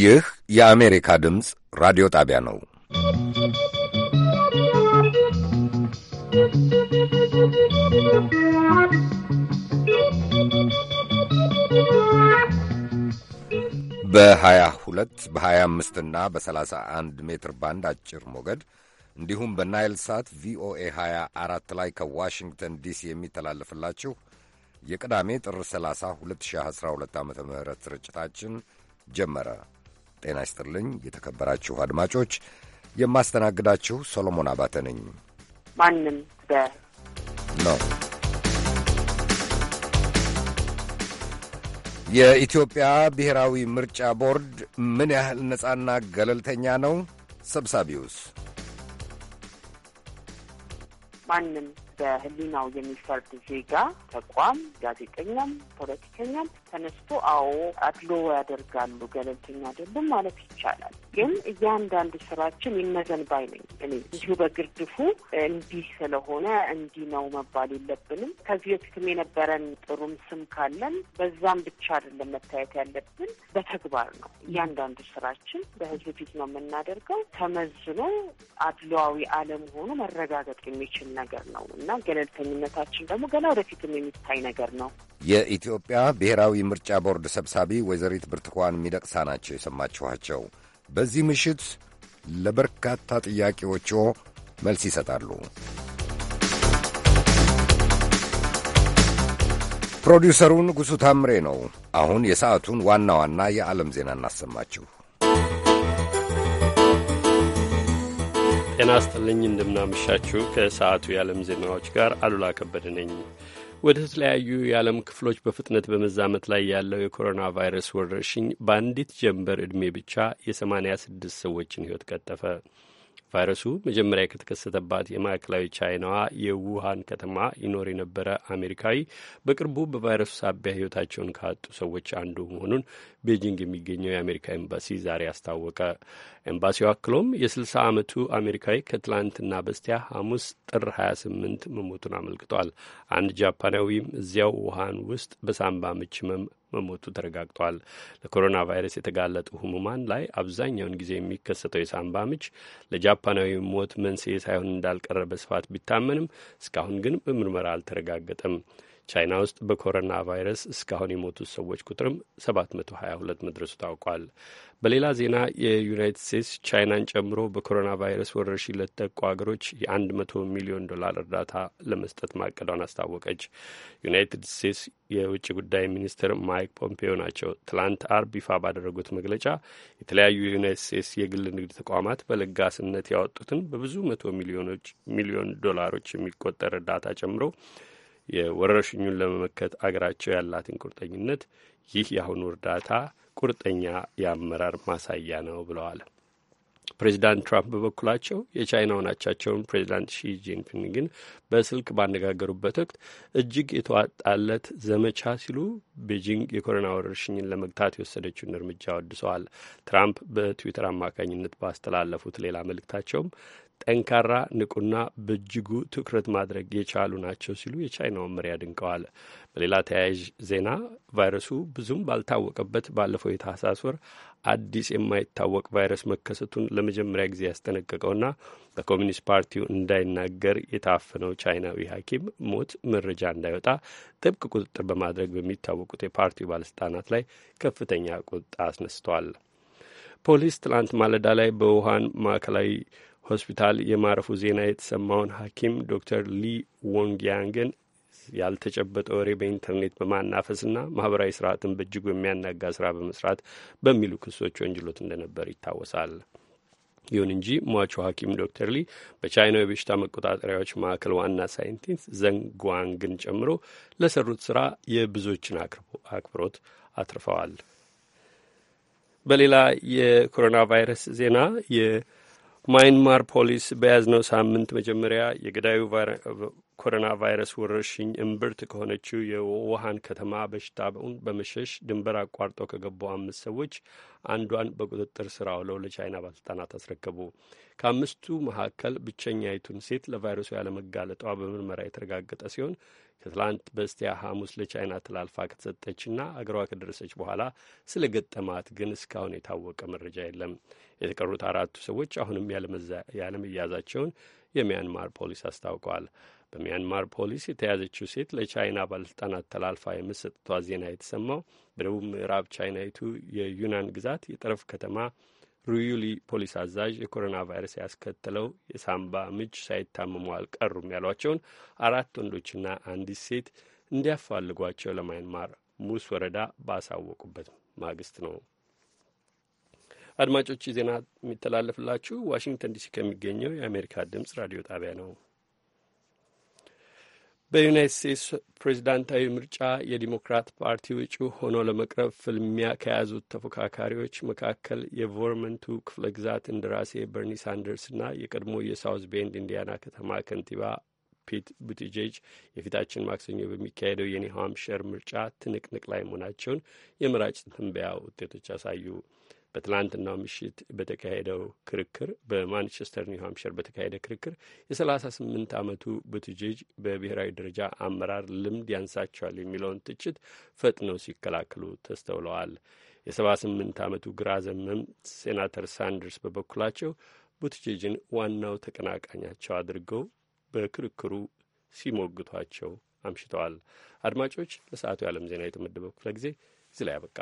ይህ የአሜሪካ ድምፅ ራዲዮ ጣቢያ ነው። በ22 በ25 እና በ31 ሜትር ባንድ አጭር ሞገድ እንዲሁም በናይል ሳት ቪኦኤ 24 ላይ ከዋሽንግተን ዲሲ የሚተላለፍላችሁ የቅዳሜ ጥር 30 2012 ዓ ም ስርጭታችን ጀመረ። ጤና ይስጥልኝ የተከበራችሁ አድማጮች፣ የማስተናግዳችሁ ሶሎሞን አባተ ነኝ። ማንም ነው የኢትዮጵያ ብሔራዊ ምርጫ ቦርድ ምን ያህል ነፃና ገለልተኛ ነው? ሰብሳቢውስ ማንም በህሊናው የሚፈርድ ዜጋ ተቋም ጋዜጠኛም ፖለቲከኛም ተነስቶ አዎ አድሎ ያደርጋሉ፣ ገለልተኛ አይደሉም ማለት ይቻላል። ግን እያንዳንዱ ስራችን ይመዘን ባይ ነኝ እኔ እዚሁ በግርድፉ እንዲህ ስለሆነ እንዲህ ነው መባል የለብንም። ከዚህ በፊትም የነበረን ጥሩም ስም ካለን በዛም ብቻ አይደለም መታየት ያለብን፣ በተግባር ነው። እያንዳንዱ ስራችን በህዝብ ፊት ነው የምናደርገው። ተመዝኖ አድሏዊ አለመሆኑ መረጋገጥ የሚችል ነገር ነው። እና ገለልተኝነታችን ደግሞ ገና ወደፊትም የሚታይ ነገር ነው። የኢትዮጵያ ብሔራዊ ምርጫ ቦርድ ሰብሳቢ ወይዘሪት ብርቱካን ሚደቅሳ ናቸው የሰማችኋቸው። በዚህ ምሽት ለበርካታ ጥያቄዎቹ መልስ ይሰጣሉ። ፕሮዲውሰሩ ንጉሡ ታምሬ ነው። አሁን የሰዓቱን ዋና ዋና የዓለም ዜና እናሰማችሁ። ጤና ይስጥልኝ። እንደምናመሻችሁ ከሰዓቱ የዓለም ዜናዎች ጋር አሉላ ከበደ ነኝ። ወደ ተለያዩ የዓለም ክፍሎች በፍጥነት በመዛመት ላይ ያለው የኮሮና ቫይረስ ወረርሽኝ በአንዲት ጀንበር ዕድሜ ብቻ የ86 ሰዎችን ሕይወት ቀጠፈ። ቫይረሱ መጀመሪያ ከተከሰተባት የማዕከላዊ ቻይናዋ የውሃን ከተማ ይኖር የነበረ አሜሪካዊ በቅርቡ በቫይረሱ ሳቢያ ሕይወታቸውን ካጡ ሰዎች አንዱ መሆኑን ቤጂንግ የሚገኘው የአሜሪካ ኤምባሲ ዛሬ አስታወቀ። ኤምባሲው አክሎም የ60 ዓመቱ አሜሪካዊ ከትላንትና በስቲያ ሐሙስ ጥር 28 መሞቱን አመልክቷል። አንድ ጃፓናዊም እዚያው ውሃን ውስጥ በሳምባ ምች ህመም መሞቱ ተረጋግጧል። ለኮሮና ቫይረስ የተጋለጡ ህሙማን ላይ አብዛኛውን ጊዜ የሚከሰተው የሳምባ ምች ለጃፓናዊ ሞት መንስኤ ሳይሆን እንዳልቀረ በስፋት ቢታመንም እስካሁን ግን በምርመራ አልተረጋገጠም። ቻይና ውስጥ በኮሮና ቫይረስ እስካሁን የሞቱት ሰዎች ቁጥርም 722 መድረሱ ታውቋል። በሌላ ዜና የዩናይትድ ስቴትስ ቻይናን ጨምሮ በኮሮና ቫይረስ ወረርሽኝ ለተጠቁ ሀገሮች የ100 ሚሊዮን ዶላር እርዳታ ለመስጠት ማቀዷን አስታወቀች። ዩናይትድ ስቴትስ የውጭ ጉዳይ ሚኒስትር ማይክ ፖምፔዮ ናቸው ትላንት አርብ ይፋ ባደረጉት መግለጫ የተለያዩ የዩናይትድ ስቴትስ የግል ንግድ ተቋማት በለጋስነት ያወጡትን በብዙ መቶ ሚሊዮኖች ሚሊዮን ዶላሮች የሚቆጠር እርዳታ ጨምሮ የወረርሽኙን ለመመከት አገራቸው ያላትን ቁርጠኝነት ይህ የአሁኑ እርዳታ ቁርጠኛ የአመራር ማሳያ ነው ብለዋል። ፕሬዚዳንት ትራምፕ በበኩላቸው የቻይናውን አቻቸውን ፕሬዚዳንት ሺ ጂንፒንግን በስልክ ባነጋገሩበት ወቅት እጅግ የተዋጣለት ዘመቻ ሲሉ ቤጂንግ የኮሮና ወረርሽኝን ለመግታት የወሰደችውን እርምጃ ወድሰዋል። ትራምፕ በትዊተር አማካኝነት ባስተላለፉት ሌላ መልእክታቸውም ጠንካራ፣ ንቁና በእጅጉ ትኩረት ማድረግ የቻሉ ናቸው ሲሉ የቻይናውን መሪ አድንቀዋል። በሌላ ተያያዥ ዜና ቫይረሱ ብዙም ባልታወቀበት ባለፈው የታህሳስ ወር አዲስ የማይታወቅ ቫይረስ መከሰቱን ለመጀመሪያ ጊዜ ያስጠነቀቀውና በኮሚኒስት ፓርቲው እንዳይናገር የታፈነው ቻይናዊ ሐኪም ሞት መረጃ እንዳይወጣ ጥብቅ ቁጥጥር በማድረግ በሚታወቁት የፓርቲው ባለስልጣናት ላይ ከፍተኛ ቁጣ አስነስተዋል። ፖሊስ ትላንት ማለዳ ላይ በውሃን ማዕከላዊ ሆስፒታል የማረፉ ዜና የተሰማውን ሐኪም ዶክተር ሊ ወንግያንግን ያልተጨበጠ ወሬ በኢንተርኔት በማናፈስና ማህበራዊ ስርዓትን በእጅጉ የሚያናጋ ስራ በመስራት በሚሉ ክሶች ወንጅሎት እንደነበር ይታወሳል። ይሁን እንጂ ሟቹ ሐኪም ዶክተር ሊ በቻይናው የበሽታ መቆጣጠሪያዎች ማዕከል ዋና ሳይንቲስት ዘንጓንግን ጨምሮ ለሰሩት ስራ የብዙዎችን አክብሮት አትርፈዋል። በሌላ የኮሮና ቫይረስ ዜና ማይንማር ፖሊስ በያዝነው ሳምንት መጀመሪያ የገዳዩ ኮሮና ቫይረስ ወረርሽኝ እምብርት ከሆነችው የውሃን ከተማ በሽታ በመሸሽ ድንበር አቋርጠው ከገቡ አምስት ሰዎች አንዷን በቁጥጥር ስር አውለው ለቻይና ባለስልጣናት አስረከቡ። ከአምስቱ መካከል ብቸኛይቱን ሴት ለቫይረሱ ያለመጋለጧ በምርመራ የተረጋገጠ ሲሆን ከትላንት በስቲያ ሐሙስ ለቻይና ተላልፋ ከተሰጠችና አገሯ ከደረሰች በኋላ ስለ ገጠማት ግን እስካሁን የታወቀ መረጃ የለም። የተቀሩት አራቱ ሰዎች አሁንም ያለመያዛቸውን የሚያንማር ፖሊስ አስታውቀዋል። በሚያንማር ፖሊስ የተያዘችው ሴት ለቻይና ባለስልጣናት ተላልፋ የመሰጠቷ ዜና የተሰማው በደቡብ ምዕራብ ቻይናዊቱ የዩናን ግዛት የጠረፍ ከተማ ሩዩሊ ፖሊስ አዛዥ የኮሮና ቫይረስ ያስከተለው የሳምባ ምች ሳይታመሙ አልቀሩም ያሏቸውን አራት ወንዶችና አንዲት ሴት እንዲያፋልጓቸው ለማይንማር ሙስ ወረዳ ባሳወቁበት ማግስት ነው። አድማጮች ዜና የሚተላለፍላችሁ ዋሽንግተን ዲሲ ከሚገኘው የአሜሪካ ድምጽ ራዲዮ ጣቢያ ነው። በዩናይት ስቴትስ ፕሬዚዳንታዊ ምርጫ የዲሞክራት ፓርቲ እጩ ሆኖ ለመቅረብ ፍልሚያ ከያዙት ተፎካካሪዎች መካከል የቮርመንቱ ክፍለ ግዛት እንደራሴ በርኒ ሳንደርስና የቀድሞ የሳውዝ ቤንድ ኢንዲያና ከተማ ከንቲባ ፒት ቡቲጄጅ የፊታችን ማክሰኞ በሚካሄደው የኒው ሃምፕሸር ምርጫ ትንቅንቅ ላይ መሆናቸውን የምራጭ ትንበያ ውጤቶች አሳዩ። በትላንትናው ምሽት በተካሄደው ክርክር በማንቸስተር ኒው በተካሄደ ክርክር የ38 ዓመቱ ቡትጅጅ በብሔራዊ ደረጃ አመራር ልምድ ያንሳቸዋል የሚለውን ትችት ፈጥነው ሲከላከሉ ተስተውለዋል። የ78 ዓመቱ ግራ ዘመም ሴናተር ሳንደርስ በበኩላቸው ቡትጅጅን ዋናው ተቀናቃኛቸው አድርገው በክርክሩ ሲሞግቷቸው አምሽተዋል። አድማጮች፣ ለሰዓቱ የዓለም ዜና የተመደበው ክፍለ ጊዜ እዚህ ላይ አበቃ።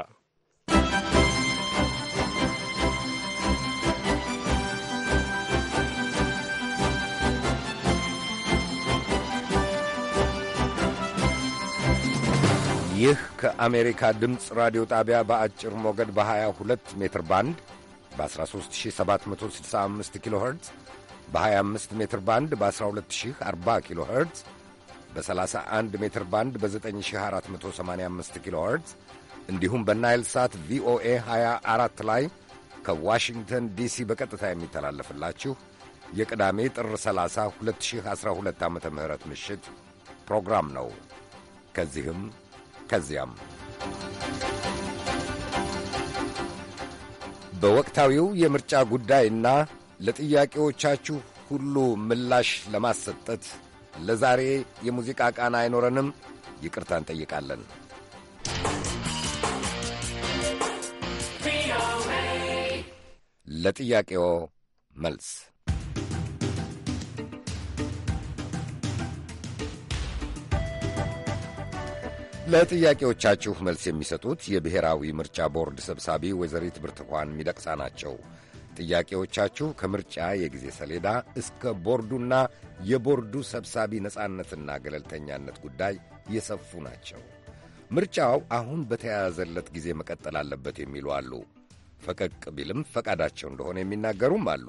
ይህ ከአሜሪካ ድምፅ ራዲዮ ጣቢያ በአጭር ሞገድ በ22 ሜትር ባንድ በ13765 ኪሎ ኸርትዝ በ25 ሜትር ባንድ በ1240 ኪሎ ኸርትዝ በ31 ሜትር ባንድ በ9485 ኪሎ ኸርትዝ እንዲሁም በናይል ሳት ቪኦኤ 24 ላይ ከዋሽንግተን ዲሲ በቀጥታ የሚተላለፍላችሁ የቅዳሜ ጥር 30 2012 ዓ ም ምሽት ፕሮግራም ነው። ከዚህም ከዚያም በወቅታዊው የምርጫ ጉዳይና ለጥያቄዎቻችሁ ሁሉ ምላሽ ለማሰጠት ለዛሬ የሙዚቃ ቃና አይኖረንም። ይቅርታ እንጠይቃለን። ለጥያቄዎ መልስ ለጥያቄዎቻችሁ መልስ የሚሰጡት የብሔራዊ ምርጫ ቦርድ ሰብሳቢ ወይዘሪት ብርቱካን ሚደቅሳ ናቸው። ጥያቄዎቻችሁ ከምርጫ የጊዜ ሰሌዳ እስከ ቦርዱና የቦርዱ ሰብሳቢ ነጻነትና ገለልተኛነት ጉዳይ የሰፉ ናቸው። ምርጫው አሁን በተያያዘለት ጊዜ መቀጠል አለበት የሚሉ አሉ። ፈቀቅ ቢልም ፈቃዳቸው እንደሆነ የሚናገሩም አሉ።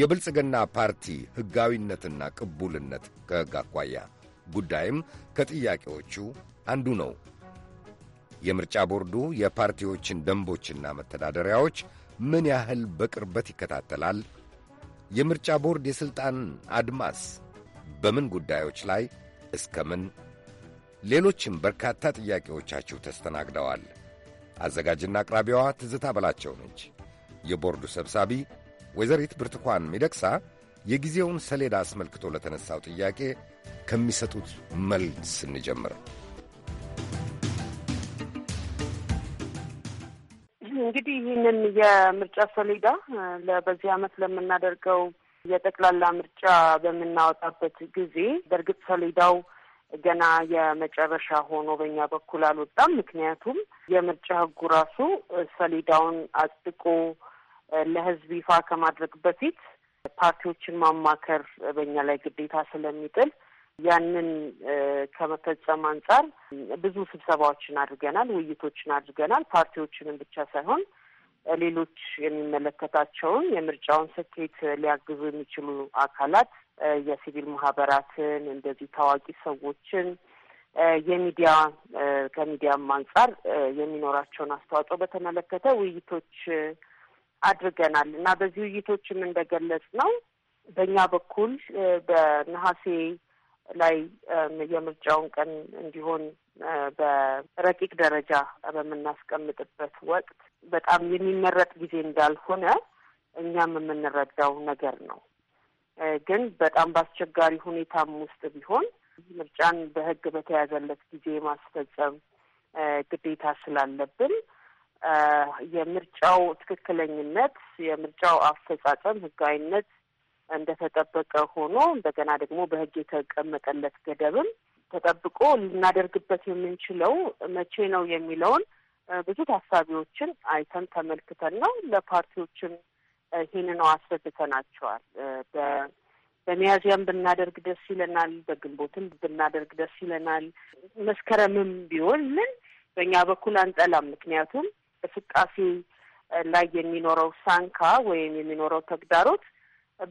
የብልጽግና ፓርቲ ሕጋዊነትና ቅቡልነት ከሕግ አኳያ ጉዳይም ከጥያቄዎቹ አንዱ ነው። የምርጫ ቦርዱ የፓርቲዎችን ደንቦችና መተዳደሪያዎች ምን ያህል በቅርበት ይከታተላል? የምርጫ ቦርድ የሥልጣን አድማስ በምን ጉዳዮች ላይ እስከ ምን? ሌሎችም በርካታ ጥያቄዎቻችሁ ተስተናግደዋል። አዘጋጅና አቅራቢዋ ትዝታ በላቸው ነች። የቦርዱ ሰብሳቢ ወይዘሪት ብርቱካን ሚደቅሳ የጊዜውን ሰሌዳ አስመልክቶ ለተነሳው ጥያቄ ከሚሰጡት መልስ እንጀምር። እንግዲህ ይህንን የምርጫ ሰሌዳ በዚህ አመት ለምናደርገው የጠቅላላ ምርጫ በምናወጣበት ጊዜ በእርግጥ ሰሌዳው ገና የመጨረሻ ሆኖ በእኛ በኩል አልወጣም። ምክንያቱም የምርጫ ህጉ ራሱ ሰሌዳውን አጽድቆ ለህዝብ ይፋ ከማድረግ በፊት ፓርቲዎችን ማማከር በእኛ ላይ ግዴታ ስለሚጥል ያንን ከመፈጸም አንጻር ብዙ ስብሰባዎችን አድርገናል፣ ውይይቶችን አድርገናል። ፓርቲዎችንም ብቻ ሳይሆን ሌሎች የሚመለከታቸውን የምርጫውን ስኬት ሊያግዙ የሚችሉ አካላት የሲቪል ማህበራትን እንደዚህ ታዋቂ ሰዎችን የሚዲያ ከሚዲያም አንጻር የሚኖራቸውን አስተዋጽኦ በተመለከተ ውይይቶች አድርገናል እና በዚህ ውይይቶችም እንደገለጽ ነው በእኛ በኩል በነሐሴ ላይ የምርጫውን ቀን እንዲሆን በረቂቅ ደረጃ በምናስቀምጥበት ወቅት በጣም የሚመረጥ ጊዜ እንዳልሆነ እኛም የምንረዳው ነገር ነው። ግን በጣም በአስቸጋሪ ሁኔታም ውስጥ ቢሆን ምርጫን በሕግ በተያዘለት ጊዜ ማስፈጸም ግዴታ ስላለብን የምርጫው ትክክለኝነት፣ የምርጫው አፈጻጸም ሕጋዊነት እንደተጠበቀ ሆኖ እንደገና ደግሞ በህግ የተቀመጠለት ገደብም ተጠብቆ ልናደርግበት የምንችለው መቼ ነው የሚለውን ብዙ ታሳቢዎችን አይተን ተመልክተን ነው። ለፓርቲዎችም ይህን ነው አስረድተናቸዋል። በሚያዚያም ብናደርግ ደስ ይለናል፣ በግንቦትም ብናደርግ ደስ ይለናል። መስከረምም ቢሆን ምን በእኛ በኩል አንጠላም። ምክንያቱም እንቅስቃሴ ላይ የሚኖረው ሳንካ ወይም የሚኖረው ተግዳሮት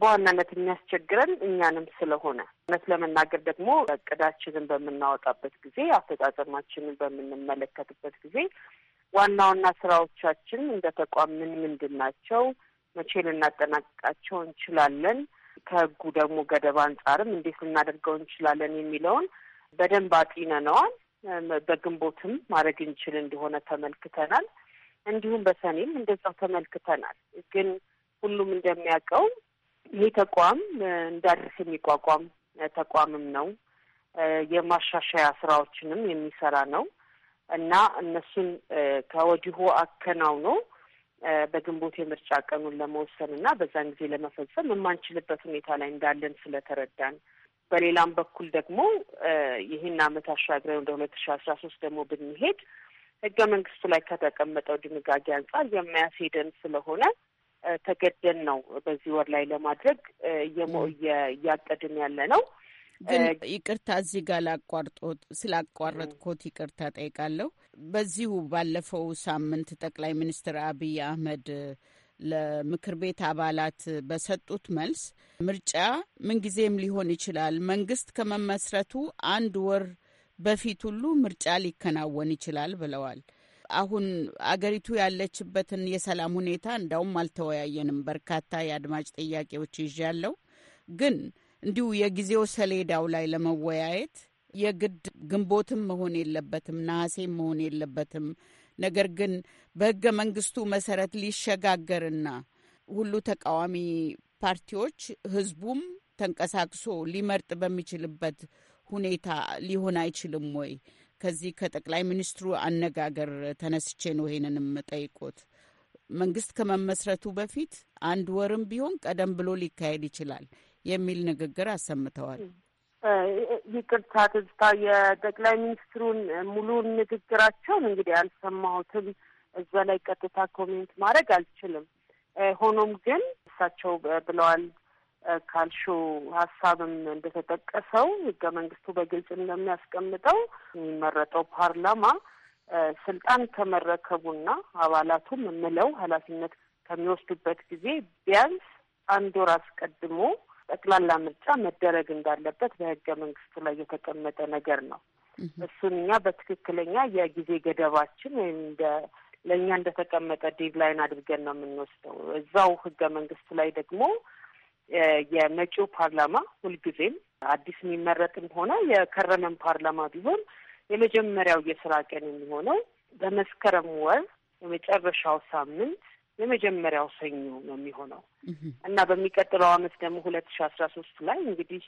በዋናነት የሚያስቸግረን እኛንም ስለሆነ እውነት ለመናገር ደግሞ እቅዳችንን በምናወጣበት ጊዜ አፈጻጸማችንን በምንመለከትበት ጊዜ ዋና ዋና ስራዎቻችን እንደ ተቋም ምን ምንድን ናቸው? መቼ ልናጠናቅቃቸው እንችላለን? ከህጉ ደግሞ ገደብ አንጻርም እንዴት ልናደርገው እንችላለን የሚለውን በደንብ አጢነነዋል። በግንቦትም ማድረግ እንችል እንደሆነ ተመልክተናል። እንዲሁም በሰኔም እንደዛው ተመልክተናል። ግን ሁሉም እንደሚያውቀው ይሄ ተቋም እንዳዲስ የሚቋቋም ተቋምም ነው። የማሻሻያ ስራዎችንም የሚሰራ ነው እና እነሱን ከወዲሁ አከናውኖ በግንቦት የምርጫ ቀኑን ለመወሰን እና በዛን ጊዜ ለመፈጸም የማንችልበት ሁኔታ ላይ እንዳለን ስለተረዳን፣ በሌላም በኩል ደግሞ ይህን አመት አሻግረን ወደ ሁለት ሺ አስራ ሶስት ደግሞ ብንሄድ ህገ መንግስቱ ላይ ከተቀመጠው ድንጋጌ አንጻር የማያስሄደን ስለሆነ ተገደን ነው በዚህ ወር ላይ ለማድረግ እያቀድን ያለ ነው። ግን ይቅርታ እዚህ ጋር ላቋርጦት ስላቋረጥኮት ይቅርታ ጠይቃለሁ። በዚሁ ባለፈው ሳምንት ጠቅላይ ሚኒስትር አብይ አህመድ ለምክር ቤት አባላት በሰጡት መልስ ምርጫ ምንጊዜም ሊሆን ይችላል፣ መንግስት ከመመስረቱ አንድ ወር በፊት ሁሉ ምርጫ ሊከናወን ይችላል ብለዋል። አሁን አገሪቱ ያለችበትን የሰላም ሁኔታ እንዳውም አልተወያየንም። በርካታ የአድማጭ ጥያቄዎች ይዣለሁ። ግን እንዲሁ የጊዜው ሰሌዳው ላይ ለመወያየት የግድ ግንቦትም መሆን የለበትም፣ ነሐሴም መሆን የለበትም። ነገር ግን በህገ መንግስቱ መሰረት ሊሸጋገርና ሁሉ ተቃዋሚ ፓርቲዎች ህዝቡም ተንቀሳቅሶ ሊመርጥ በሚችልበት ሁኔታ ሊሆን አይችልም ወይ? ከዚህ ከጠቅላይ ሚኒስትሩ አነጋገር ተነስቼ ነው ይሄንንም ጠይቆት። መንግስት ከመመስረቱ በፊት አንድ ወርም ቢሆን ቀደም ብሎ ሊካሄድ ይችላል የሚል ንግግር አሰምተዋል። ይቅርታ ትዝታ፣ የጠቅላይ ሚኒስትሩን ሙሉን ንግግራቸውን እንግዲህ አልሰማሁትም። እዛ ላይ ቀጥታ ኮሜንት ማድረግ አልችልም። ሆኖም ግን እሳቸው ብለዋል ካልሾ ሀሳብም እንደተጠቀሰው ህገ መንግስቱ በግልጽ እንደሚያስቀምጠው የሚመረጠው ፓርላማ ስልጣን ከመረከቡና አባላቱም የምለው ኃላፊነት ከሚወስዱበት ጊዜ ቢያንስ አንድ ወር አስቀድሞ ጠቅላላ ምርጫ መደረግ እንዳለበት በህገ መንግስቱ ላይ የተቀመጠ ነገር ነው። እሱን እኛ በትክክለኛ የጊዜ ገደባችን ወይም እንደ ለእኛ እንደተቀመጠ ዴድላይን አድርገን ነው የምንወስደው። እዛው ህገ መንግስቱ ላይ ደግሞ የመጪው ፓርላማ ሁልጊዜም አዲስ የሚመረጥም ሆነ የከረመን ፓርላማ ቢሆን የመጀመሪያው የስራ ቀን የሚሆነው በመስከረም ወር የመጨረሻው ሳምንት የመጀመሪያው ሰኞ ነው የሚሆነው እና በሚቀጥለው አመት ደግሞ ሁለት ሺ አስራ ሶስት ላይ እንግዲህ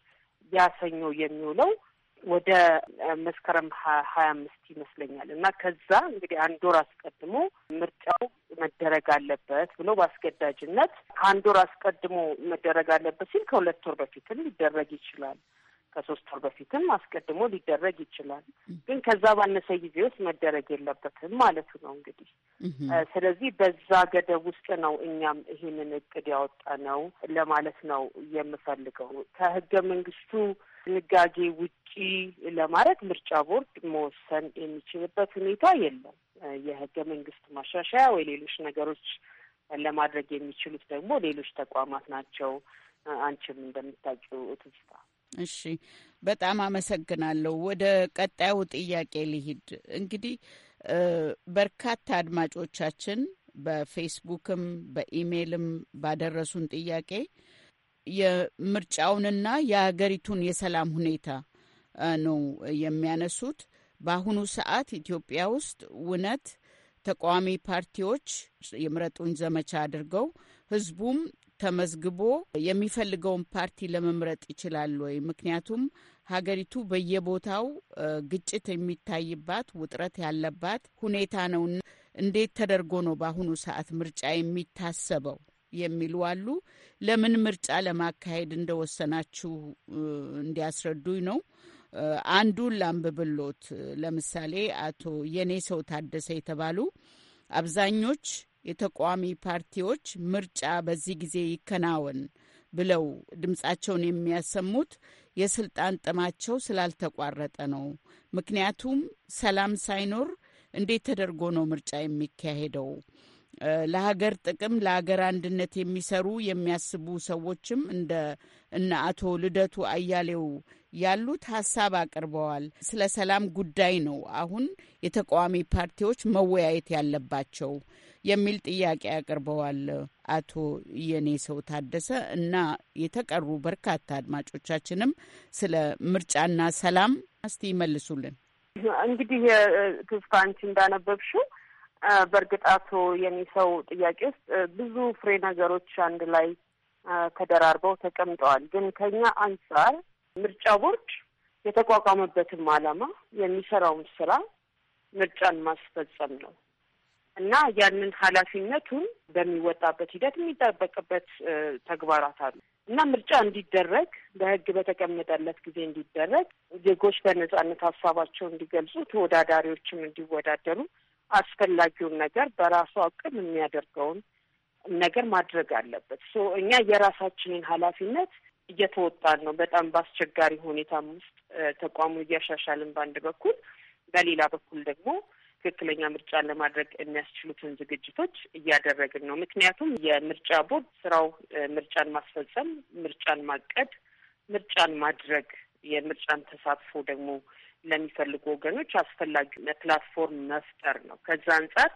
ያ ሰኞ የሚውለው ወደ መስከረም ሀያ አምስት ይመስለኛል እና ከዛ እንግዲህ አንድ ወር አስቀድሞ ምርጫው መደረግ አለበት ብሎ በአስገዳጅነት ከአንድ ወር አስቀድሞ መደረግ አለበት ሲል ከሁለት ወር በፊትም ሊደረግ ይችላል። ከሶስት ወር በፊትም አስቀድሞ ሊደረግ ይችላል። ግን ከዛ ባነሰ ጊዜ ውስጥ መደረግ የለበትም ማለቱ ነው እንግዲህ። ስለዚህ በዛ ገደብ ውስጥ ነው እኛም ይህንን እቅድ ያወጣ ነው ለማለት ነው የምፈልገው ከህገ መንግስቱ ድንጋጌ ውጪ ለማድረግ ምርጫ ቦርድ መወሰን የሚችልበት ሁኔታ የለም። የህገ መንግስት ማሻሻያ ወይ ሌሎች ነገሮች ለማድረግ የሚችሉት ደግሞ ሌሎች ተቋማት ናቸው። አንቺም እንደምታውቂው ትዝታ። እሺ፣ በጣም አመሰግናለሁ። ወደ ቀጣዩ ጥያቄ ልሂድ። እንግዲህ በርካታ አድማጮቻችን በፌስቡክም በኢሜይልም ባደረሱን ጥያቄ የምርጫውንና የሀገሪቱን የሰላም ሁኔታ ነው የሚያነሱት። በአሁኑ ሰዓት ኢትዮጵያ ውስጥ እውነት ተቃዋሚ ፓርቲዎች የምረጡኝ ዘመቻ አድርገው ህዝቡም ተመዝግቦ የሚፈልገውን ፓርቲ ለመምረጥ ይችላል ወይ? ምክንያቱም ሀገሪቱ በየቦታው ግጭት የሚታይባት ውጥረት ያለባት ሁኔታ ነውና እንዴት ተደርጎ ነው በአሁኑ ሰዓት ምርጫ የሚታሰበው? የሚሉ አሉ። ለምን ምርጫ ለማካሄድ እንደወሰናችሁ እንዲያስረዱኝ ነው። አንዱን ላንብብሎት። ለምሳሌ አቶ የኔ ሰው ታደሰ የተባሉ አብዛኞች የተቃዋሚ ፓርቲዎች ምርጫ በዚህ ጊዜ ይከናወን ብለው ድምፃቸውን የሚያሰሙት የስልጣን ጥማቸው ስላልተቋረጠ ነው። ምክንያቱም ሰላም ሳይኖር እንዴት ተደርጎ ነው ምርጫ የሚካሄደው? ለሀገር ጥቅም ለሀገር አንድነት የሚሰሩ የሚያስቡ ሰዎችም እንደ እነ አቶ ልደቱ አያሌው ያሉት ሀሳብ አቅርበዋል። ስለ ሰላም ጉዳይ ነው አሁን የተቃዋሚ ፓርቲዎች መወያየት ያለባቸው የሚል ጥያቄ አቅርበዋል አቶ የኔ ሰው ታደሰ እና የተቀሩ በርካታ አድማጮቻችንም ስለ ምርጫና ሰላም እስቲ ይመልሱልን። እንግዲህ ተስፋ አንቺ እንዳነበብሽው በእርግጥ አቶ የኒሰው ጥያቄ ውስጥ ብዙ ፍሬ ነገሮች አንድ ላይ ተደራርበው ተቀምጠዋል። ግን ከኛ አንጻር ምርጫ ቦርድ የተቋቋመበትም ዓላማ የሚሰራውን ስራ ምርጫን ማስፈጸም ነው እና ያንን ኃላፊነቱን በሚወጣበት ሂደት የሚጠበቅበት ተግባራት አሉ እና ምርጫ እንዲደረግ በሕግ በተቀመጠለት ጊዜ እንዲደረግ ዜጎች በነጻነት ሀሳባቸው እንዲገልጹ፣ ተወዳዳሪዎችም እንዲወዳደሩ አስፈላጊውን ነገር በራሱ አቅም የሚያደርገውን ነገር ማድረግ አለበት። ሶ እኛ የራሳችንን ኃላፊነት እየተወጣን ነው። በጣም በአስቸጋሪ ሁኔታም ውስጥ ተቋሙን እያሻሻልን በአንድ በኩል፣ በሌላ በኩል ደግሞ ትክክለኛ ምርጫ ለማድረግ የሚያስችሉትን ዝግጅቶች እያደረግን ነው። ምክንያቱም የምርጫ ቦርድ ስራው ምርጫን ማስፈጸም፣ ምርጫን ማቀድ፣ ምርጫን ማድረግ የምርጫን ተሳትፎ ደግሞ ለሚፈልጉ ወገኖች አስፈላጊ ፕላትፎርም መፍጠር ነው። ከዛ አንጻር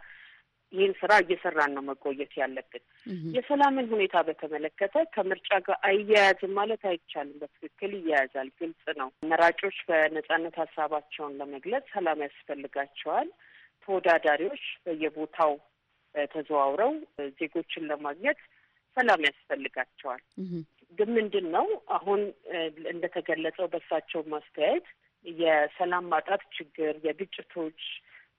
ይህን ስራ እየሰራን ነው መቆየት ያለብን። የሰላምን ሁኔታ በተመለከተ ከምርጫ ጋር አያያዝም ማለት አይቻልም። በትክክል ይያያዛል፣ ግልጽ ነው። መራጮች በነጻነት ሀሳባቸውን ለመግለጽ ሰላም ያስፈልጋቸዋል። ተወዳዳሪዎች በየቦታው ተዘዋውረው ዜጎችን ለማግኘት ሰላም ያስፈልጋቸዋል። ግን ምንድን ነው አሁን እንደተገለጸው በእሳቸው ማስተያየት የሰላም ማጣት ችግር፣ የግጭቶች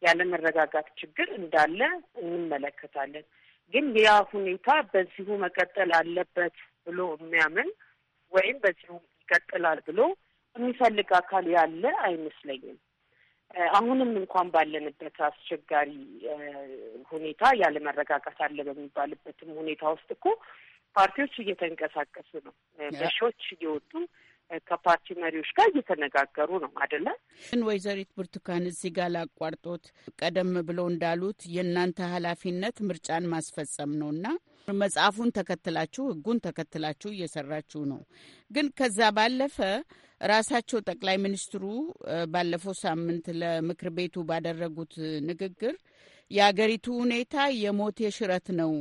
ያለመረጋጋት ችግር እንዳለ እንመለከታለን። ግን ያ ሁኔታ በዚሁ መቀጠል አለበት ብሎ የሚያምን ወይም በዚሁ ይቀጥላል ብሎ የሚፈልግ አካል ያለ አይመስለኝም። አሁንም እንኳን ባለንበት አስቸጋሪ ሁኔታ ያለመረጋጋት አለ በሚባልበትም ሁኔታ ውስጥ እኮ ፓርቲዎች እየተንቀሳቀሱ ነው። በሺዎች እየወጡ ከፓርቲ መሪዎች ጋር እየተነጋገሩ ነው አደለ? ግን ወይዘሪት ብርቱካን እዚህ ጋር ላቋርጦት፣ ቀደም ብሎ እንዳሉት የእናንተ ኃላፊነት ምርጫን ማስፈጸም ነው እና መጽሐፉን ተከትላችሁ ህጉን ተከትላችሁ እየሰራችሁ ነው። ግን ከዛ ባለፈ ራሳቸው ጠቅላይ ሚኒስትሩ ባለፈው ሳምንት ለምክር ቤቱ ባደረጉት ንግግር የአገሪቱ ሁኔታ የሞት የሽረት ነው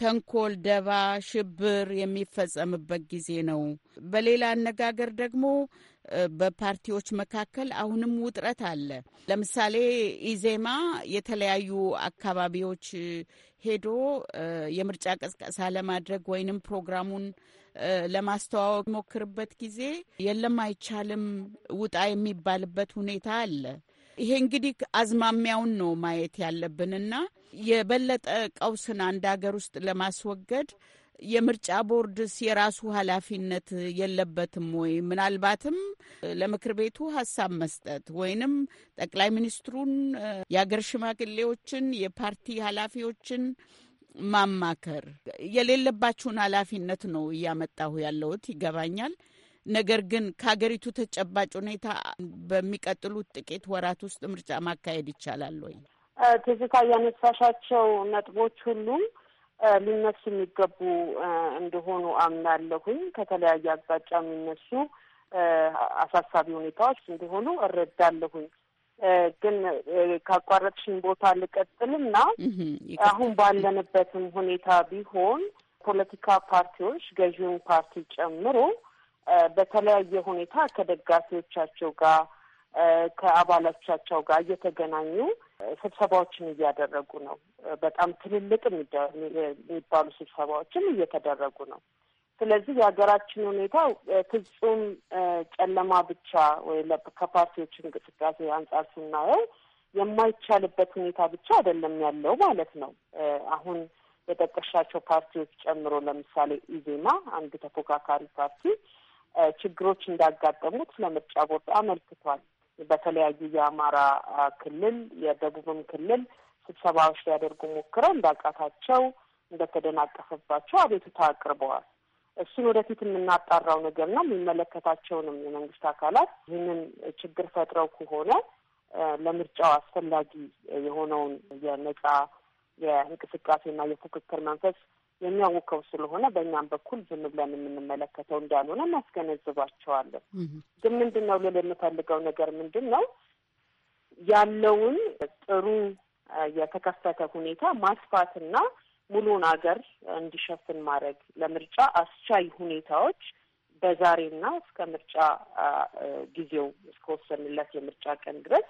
ተንኮል፣ ደባ፣ ሽብር የሚፈጸምበት ጊዜ ነው። በሌላ አነጋገር ደግሞ በፓርቲዎች መካከል አሁንም ውጥረት አለ። ለምሳሌ ኢዜማ የተለያዩ አካባቢዎች ሄዶ የምርጫ ቀስቀሳ ለማድረግ ወይንም ፕሮግራሙን ለማስተዋወቅ ሞክርበት ጊዜ የለም አይቻልም ውጣ የሚባልበት ሁኔታ አለ። ይሄ እንግዲህ አዝማሚያውን ነው ማየት ያለብንና የበለጠ ቀውስን አንድ ሀገር ውስጥ ለማስወገድ የምርጫ ቦርድስ የራሱ ኃላፊነት የለበትም ወይ? ምናልባትም ለምክር ቤቱ ሀሳብ መስጠት ወይንም ጠቅላይ ሚኒስትሩን፣ የአገር ሽማግሌዎችን፣ የፓርቲ ኃላፊዎችን ማማከር የሌለባችሁን ኃላፊነት ነው እያመጣሁ ያለሁት ይገባኛል። ነገር ግን ከሀገሪቱ ተጨባጭ ሁኔታ በሚቀጥሉት ጥቂት ወራት ውስጥ ምርጫ ማካሄድ ይቻላል ወይ? ትዝታ እያነሳሻቸው ነጥቦች ሁሉ ሊነሱ የሚገቡ እንደሆኑ አምናለሁኝ። ከተለያየ አቅጣጫ የሚነሱ አሳሳቢ ሁኔታዎች እንደሆኑ እረዳለሁኝ። ግን ካቋረጥሽኝ ቦታ ልቀጥልና አሁን ባለንበትም ሁኔታ ቢሆን ፖለቲካ ፓርቲዎች ገዢውን ፓርቲ ጨምሮ በተለያየ ሁኔታ ከደጋፊዎቻቸው ጋር ከአባላቻቸው ጋር እየተገናኙ ስብሰባዎችን እያደረጉ ነው። በጣም ትልልቅ የሚባሉ ስብሰባዎችን እየተደረጉ ነው። ስለዚህ የሀገራችን ሁኔታ ፍጹም ጨለማ ብቻ ወይ ከፓርቲዎች እንቅስቃሴ አንጻር ስናየው የማይቻልበት ሁኔታ ብቻ አይደለም ያለው ማለት ነው። አሁን የጠቀሻቸው ፓርቲዎች ጨምሮ ለምሳሌ ኢዜማ አንድ ተፎካካሪ ፓርቲ ችግሮች እንዳጋጠሙት ለምርጫ ቦርድ አመልክቷል። በተለያዩ የአማራ ክልል የደቡብም ክልል ስብሰባዎች ሊያደርጉ ሞክረው እንዳቃታቸው እንደተደናቀፈባቸው አቤቱታ አቅርበዋል። እሱን ወደፊት የምናጣራው ነገር ነው። የሚመለከታቸውንም የመንግስት አካላት ይህንን ችግር ፈጥረው ከሆነ ለምርጫው አስፈላጊ የሆነውን የነጻ የእንቅስቃሴና የፉክክር መንፈስ የሚያውከው ስለሆነ በእኛም በኩል ዝም ብለን የምንመለከተው እንዳልሆነ እናስገነዝባቸዋለን። ግን ምንድን ነው ልል የምፈልገው ነገር ምንድን ነው ያለውን ጥሩ የተከፈተ ሁኔታ ማስፋትና ሙሉን አገር እንዲሸፍን ማድረግ ለምርጫ አስቻይ ሁኔታዎች በዛሬና እስከ ምርጫ ጊዜው እስከወሰንለት የምርጫ ቀን ድረስ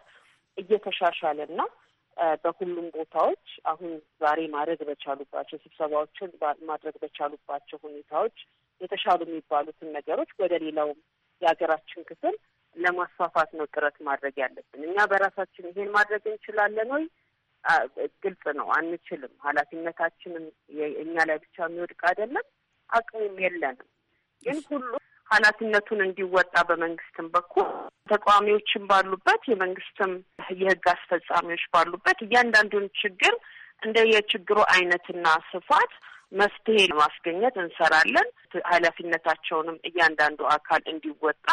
እየተሻሻለና በሁሉም ቦታዎች አሁን ዛሬ ማድረግ በቻሉባቸው ስብሰባዎችን ማድረግ በቻሉባቸው ሁኔታዎች የተሻሉ የሚባሉትን ነገሮች ወደ ሌላውም የሀገራችን ክፍል ለማስፋፋት ነው ጥረት ማድረግ ያለብን። እኛ በራሳችን ይሄን ማድረግ እንችላለን ወይ? ግልጽ ነው፣ አንችልም። ኃላፊነታችንም እኛ ላይ ብቻ የሚወድቅ አይደለም፣ አቅሙም የለንም። ግን ሁሉም ኃላፊነቱን እንዲወጣ በመንግስትም በኩል ተቃዋሚዎችም ባሉበት የመንግስትም የህግ አስፈጻሚዎች ባሉበት እያንዳንዱን ችግር እንደ የችግሩ አይነትና ስፋት መፍትሄ ለማስገኘት እንሰራለን። ኃላፊነታቸውንም እያንዳንዱ አካል እንዲወጣ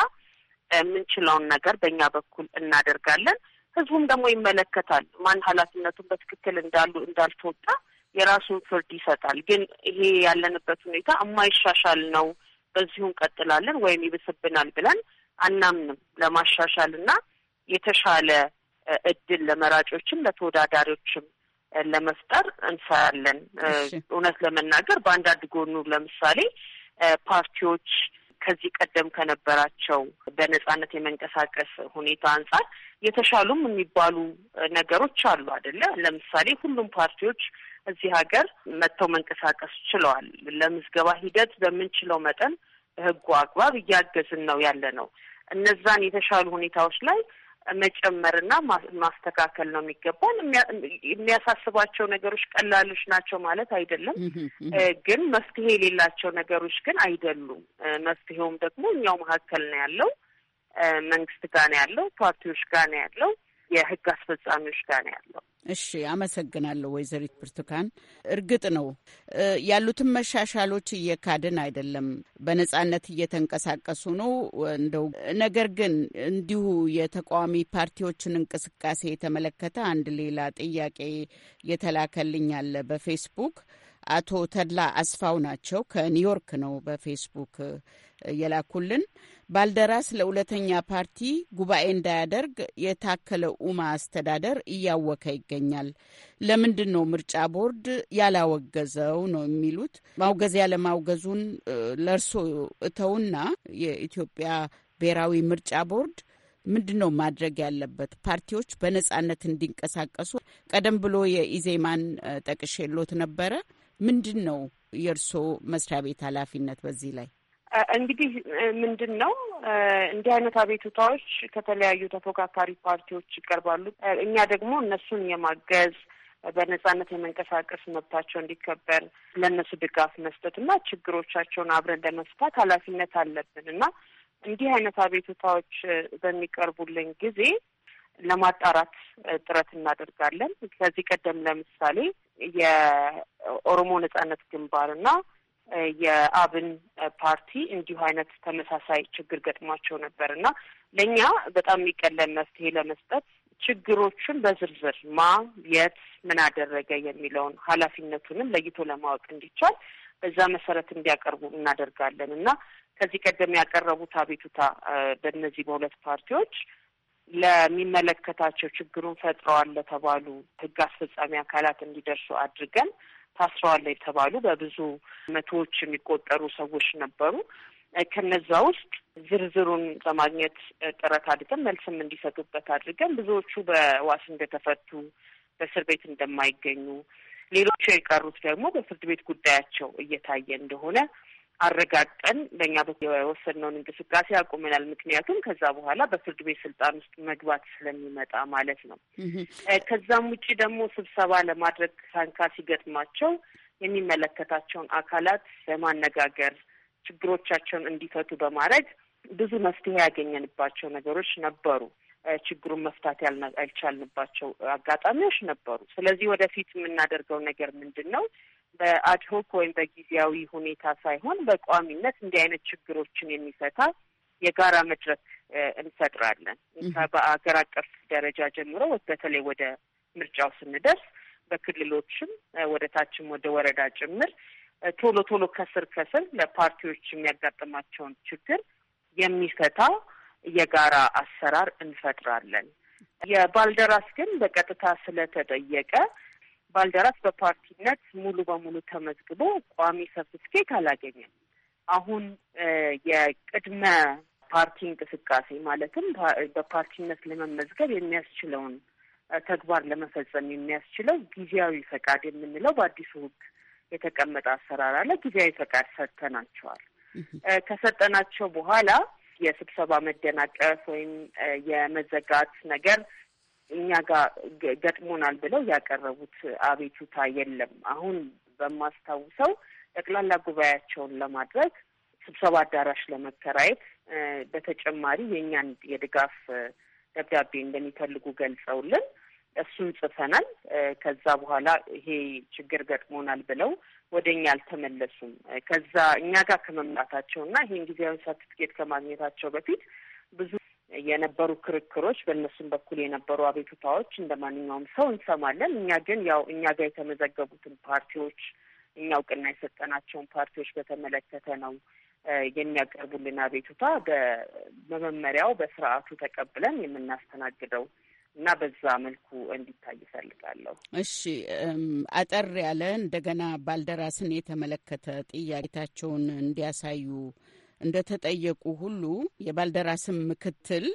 የምንችለውን ነገር በእኛ በኩል እናደርጋለን። ህዝቡም ደግሞ ይመለከታል። ማን ኃላፊነቱን በትክክል እንዳሉ እንዳልተወጣ የራሱን ፍርድ ይሰጣል። ግን ይሄ ያለንበት ሁኔታ የማይሻሻል ነው በዚሁ እንቀጥላለን ወይም ይብስብናል ብለን አናምንም። ለማሻሻል እና የተሻለ እድል ለመራጮችም ለተወዳዳሪዎችም ለመፍጠር እንሰራለን። እውነት ለመናገር በአንዳንድ ጎኑ ለምሳሌ ፓርቲዎች ከዚህ ቀደም ከነበራቸው በነጻነት የመንቀሳቀስ ሁኔታ አንጻር የተሻሉም የሚባሉ ነገሮች አሉ አይደለ? ለምሳሌ ሁሉም ፓርቲዎች እዚህ ሀገር መጥተው መንቀሳቀስ ችለዋል። ለምዝገባ ሂደት በምንችለው መጠን ህጉ አግባብ እያገዝን ነው ያለ ነው። እነዛን የተሻሉ ሁኔታዎች ላይ መጨመርና ማስተካከል ነው የሚገባን። የሚያሳስባቸው ነገሮች ቀላሎች ናቸው ማለት አይደለም፣ ግን መፍትሄ የሌላቸው ነገሮች ግን አይደሉም። መፍትሄውም ደግሞ እኛው መካከል ነው ያለው፣ መንግስት ጋር ነው ያለው፣ ፓርቲዎች ጋር ነው ያለው፣ የህግ አስፈጻሚዎች ጋር ነው ያለው። እሺ፣ አመሰግናለሁ ወይዘሪት ብርቱካን። እርግጥ ነው ያሉትን መሻሻሎች እየካድን አይደለም፣ በነጻነት እየተንቀሳቀሱ ነው እንደው። ነገር ግን እንዲሁ የተቃዋሚ ፓርቲዎችን እንቅስቃሴ የተመለከተ አንድ ሌላ ጥያቄ የተላከልኝ አለ በፌስቡክ አቶ ተድላ አስፋው ናቸው ከኒውዮርክ ነው በፌስቡክ የላኩልን። ባልደራስ ለሁለተኛ ፓርቲ ጉባኤ እንዳያደርግ የታከለ ኡማ አስተዳደር እያወከ ይገኛል። ለምንድን ነው ምርጫ ቦርድ ያላወገዘው ነው የሚሉት። ማውገዝ ያለማውገዙን ለእርሶ እተውና የኢትዮጵያ ብሔራዊ ምርጫ ቦርድ ምንድን ነው ማድረግ ያለበት? ፓርቲዎች በነጻነት እንዲንቀሳቀሱ ቀደም ብሎ የኢዜማን ጠቅሼሎት ነበረ። ምንድን ነው የእርሶ መስሪያ ቤት ኃላፊነት በዚህ ላይ? እንግዲህ ምንድን ነው እንዲህ አይነት አቤቱታዎች ከተለያዩ ተፎካካሪ ፓርቲዎች ይቀርባሉ። እኛ ደግሞ እነሱን የማገዝ በነጻነት የመንቀሳቀስ መብታቸው እንዲከበር ለእነሱ ድጋፍ መስጠት እና ችግሮቻቸውን አብረን ለመፍታት ኃላፊነት አለብን እና እንዲህ አይነት አቤቱታዎች በሚቀርቡልን ጊዜ ለማጣራት ጥረት እናደርጋለን። ከዚህ ቀደም ለምሳሌ የኦሮሞ ነጻነት ግንባር እና የአብን ፓርቲ እንዲሁ አይነት ተመሳሳይ ችግር ገጥሟቸው ነበር እና ለእኛ በጣም የሚቀለን መፍትሄ ለመስጠት ችግሮቹን በዝርዝር ማ የት ምን አደረገ የሚለውን ኃላፊነቱንም ለይቶ ለማወቅ እንዲቻል በዛ መሰረት እንዲያቀርቡ እናደርጋለን እና ከዚህ ቀደም ያቀረቡት አቤቱታ በእነዚህ በሁለት ፓርቲዎች ለሚመለከታቸው ችግሩን ፈጥረዋል ለተባሉ ሕግ አስፈጻሚ አካላት እንዲደርሱ አድርገን ታስረዋል የተባሉ በብዙ መቶዎች የሚቆጠሩ ሰዎች ነበሩ። ከነዛ ውስጥ ዝርዝሩን በማግኘት ጥረት አድርገን መልስም እንዲሰጡበት አድርገን ብዙዎቹ በዋስ እንደተፈቱ፣ በእስር ቤት እንደማይገኙ፣ ሌሎቹ የቀሩት ደግሞ በፍርድ ቤት ጉዳያቸው እየታየ እንደሆነ አረጋግጠን በእኛ የወሰድነውን እንቅስቃሴ አቁመናል። ምክንያቱም ከዛ በኋላ በፍርድ ቤት ስልጣን ውስጥ መግባት ስለሚመጣ ማለት ነው። ከዛም ውጭ ደግሞ ስብሰባ ለማድረግ ሳንካ ሲገጥማቸው የሚመለከታቸውን አካላት በማነጋገር ችግሮቻቸውን እንዲፈቱ በማድረግ ብዙ መፍትሄ ያገኘንባቸው ነገሮች ነበሩ። ችግሩን መፍታት ያልቻልንባቸው አጋጣሚዎች ነበሩ። ስለዚህ ወደፊት የምናደርገው ነገር ምንድን ነው? በአድሆክ ወይም በጊዜያዊ ሁኔታ ሳይሆን በቋሚነት እንዲህ አይነት ችግሮችን የሚፈታ የጋራ መድረክ እንፈጥራለን። በአገር አቀፍ ደረጃ ጀምሮ በተለይ ወደ ምርጫው ስንደርስ በክልሎችም ወደ ታችም ወደ ወረዳ ጭምር ቶሎ ቶሎ ከስር ከስር ለፓርቲዎች የሚያጋጥማቸውን ችግር የሚፈታ የጋራ አሰራር እንፈጥራለን። የባልደራስ ግን በቀጥታ ስለተጠየቀ ባልደራስ በፓርቲነት ሙሉ በሙሉ ተመዝግቦ ቋሚ ሰርቲፊኬት አላገኘም። አሁን የቅድመ ፓርቲ እንቅስቃሴ ማለትም በፓርቲነት ለመመዝገብ የሚያስችለውን ተግባር ለመፈጸም የሚያስችለው ጊዜያዊ ፈቃድ የምንለው በአዲሱ ሕግ የተቀመጠ አሰራር አለ። ጊዜያዊ ፈቃድ ሰጥተናቸዋል። ከሰጠናቸው በኋላ የስብሰባ መደናቀፍ ወይም የመዘጋት ነገር እኛ ጋር ገጥሞናል ብለው ያቀረቡት አቤቱታ የለም። አሁን በማስታውሰው ጠቅላላ ጉባኤያቸውን ለማድረግ ስብሰባ አዳራሽ ለመከራየት በተጨማሪ የእኛን የድጋፍ ደብዳቤ እንደሚፈልጉ ገልጸውልን እሱን ጽፈናል። ከዛ በኋላ ይሄ ችግር ገጥሞናል ብለው ወደ እኛ አልተመለሱም። ከዛ እኛ ጋር ከመምጣታቸው እና ይሄን ጊዜያዊ ሰርቲፊኬት ከማግኘታቸው በፊት ብዙ የነበሩ ክርክሮች፣ በእነሱም በኩል የነበሩ አቤቱታዎች እንደ ማንኛውም ሰው እንሰማለን። እኛ ግን ያው እኛ ጋር የተመዘገቡትን ፓርቲዎች እኛ እውቅና የሰጠናቸውን ፓርቲዎች በተመለከተ ነው የሚያቀርቡልን አቤቱታ በመመሪያው በስርዓቱ ተቀብለን የምናስተናግደው እና በዛ መልኩ እንዲታይ ይፈልጋለሁ። እሺ፣ አጠር ያለ እንደገና ባልደራስን የተመለከተ ጥያቄታቸውን እንዲያሳዩ እንደተጠየቁ ሁሉ የባልደራስም ምክትል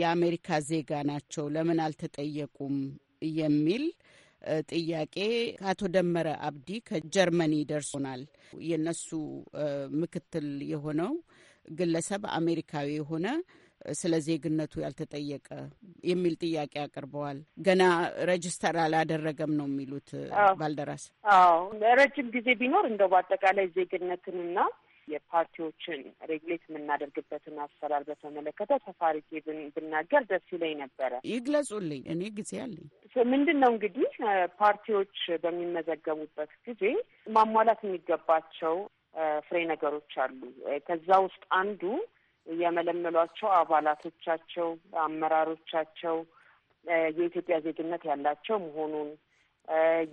የአሜሪካ ዜጋ ናቸው ለምን አልተጠየቁም የሚል ጥያቄ ከአቶ ደመረ አብዲ ከጀርመኒ ደርሶናል። የነሱ ምክትል የሆነው ግለሰብ አሜሪካዊ የሆነ ስለ ዜግነቱ ያልተጠየቀ የሚል ጥያቄ አቅርበዋል። ገና ረጅስተር አላደረገም ነው የሚሉት ባልደራስ። አዎ ረጅም ጊዜ ቢኖር እንደው በአጠቃላይ ዜግነትንና የፓርቲዎችን ሬግሌት የምናደርግበትን አሰራር በተመለከተ ሰፋ ብናገር ደስ ይለኝ ነበረ። ይግለጹልኝ፣ እኔ ጊዜ አለኝ። ምንድን ነው እንግዲህ ፓርቲዎች በሚመዘገቡበት ጊዜ ማሟላት የሚገባቸው ፍሬ ነገሮች አሉ። ከዛ ውስጥ አንዱ የመለመሏቸው አባላቶቻቸው፣ አመራሮቻቸው የኢትዮጵያ ዜግነት ያላቸው መሆኑን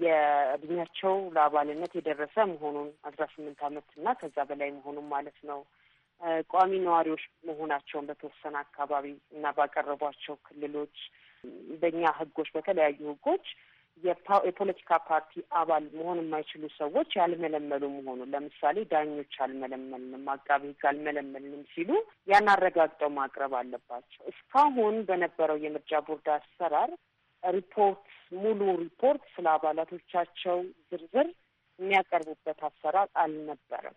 የእድሜያቸው ለአባልነት የደረሰ መሆኑን አስራ ስምንት ዓመት እና ከዛ በላይ መሆኑን ማለት ነው። ቋሚ ነዋሪዎች መሆናቸውን በተወሰነ አካባቢ እና ባቀረቧቸው ክልሎች በእኛ ህጎች፣ በተለያዩ ህጎች የፖለቲካ ፓርቲ አባል መሆን የማይችሉ ሰዎች ያልመለመሉ መሆኑን ለምሳሌ ዳኞች አልመለመልንም፣ አቃቢ ህግ አልመለመልንም ሲሉ ያን አረጋግጠው ማቅረብ አለባቸው። እስካሁን በነበረው የምርጫ ቦርድ አሰራር ሪፖርት ሙሉ ሪፖርት ስለ አባላቶቻቸው ዝርዝር የሚያቀርቡበት አሰራር አልነበረም።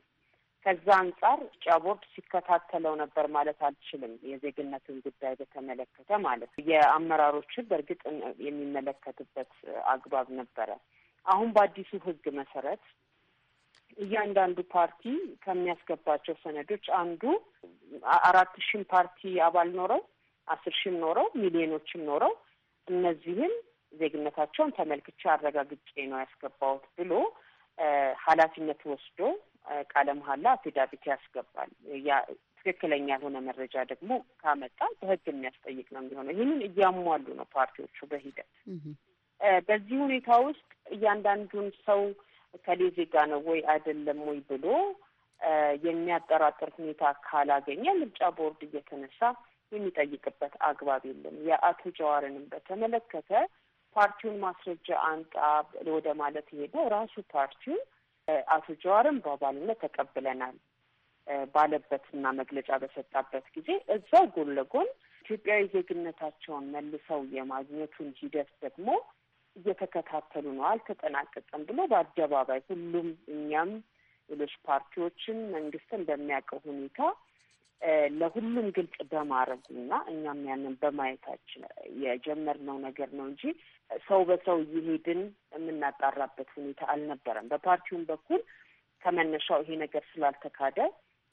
ከዛ አንጻር ምርጫ ቦርድ ሲከታተለው ነበር ማለት አልችልም። የዜግነትን ጉዳይ በተመለከተ ማለት የአመራሮችን በእርግጥ የሚመለከትበት አግባብ ነበረ። አሁን በአዲሱ ሕግ መሰረት እያንዳንዱ ፓርቲ ከሚያስገባቸው ሰነዶች አንዱ አራት ሺህም ፓርቲ አባል ኖረው አስር ሺህም ኖረው ሚሊዮኖችም ኖረው እነዚህን ዜግነታቸውን ተመልክቼ አረጋግጬ ነው ያስገባሁት ብሎ ኃላፊነት ወስዶ ቃለ መሀላ አፊዳቢት ያስገባል። ያ ትክክለኛ ያልሆነ መረጃ ደግሞ ካመጣ በህግ የሚያስጠይቅ ነው የሚሆነው። ይህንን እያሟሉ ነው ፓርቲዎቹ በሂደት። በዚህ ሁኔታ ውስጥ እያንዳንዱን ሰው ከሌ ዜጋ ነው ወይ አይደለም ወይ ብሎ የሚያጠራጥር ሁኔታ ካላገኘ ምርጫ ቦርድ እየተነሳ የሚጠይቅበት አግባብ የለም። የአቶ ጀዋርንም በተመለከተ ፓርቲውን ማስረጃ አንጣ ወደ ማለት የሄደው ራሱ ፓርቲው አቶ ጀዋርን በአባልነት ተቀብለናል ባለበትና መግለጫ በሰጣበት ጊዜ እዛው ጎን ለጎን ኢትዮጵያዊ ዜግነታቸውን መልሰው የማግኘቱን ሂደት ደግሞ እየተከታተሉ ነው፣ አልተጠናቀቀም ብሎ በአደባባይ ሁሉም እኛም ሌሎች ፓርቲዎችን መንግስትን በሚያውቀው ሁኔታ ለሁሉም ግልጽ በማድረጉ ና እኛም ያንን በማየታችን የጀመርነው ነገር ነው እንጂ ሰው በሰው እየሄድን የምናጣራበት ሁኔታ አልነበረም። በፓርቲውም በኩል ከመነሻው ይሄ ነገር ስላልተካደ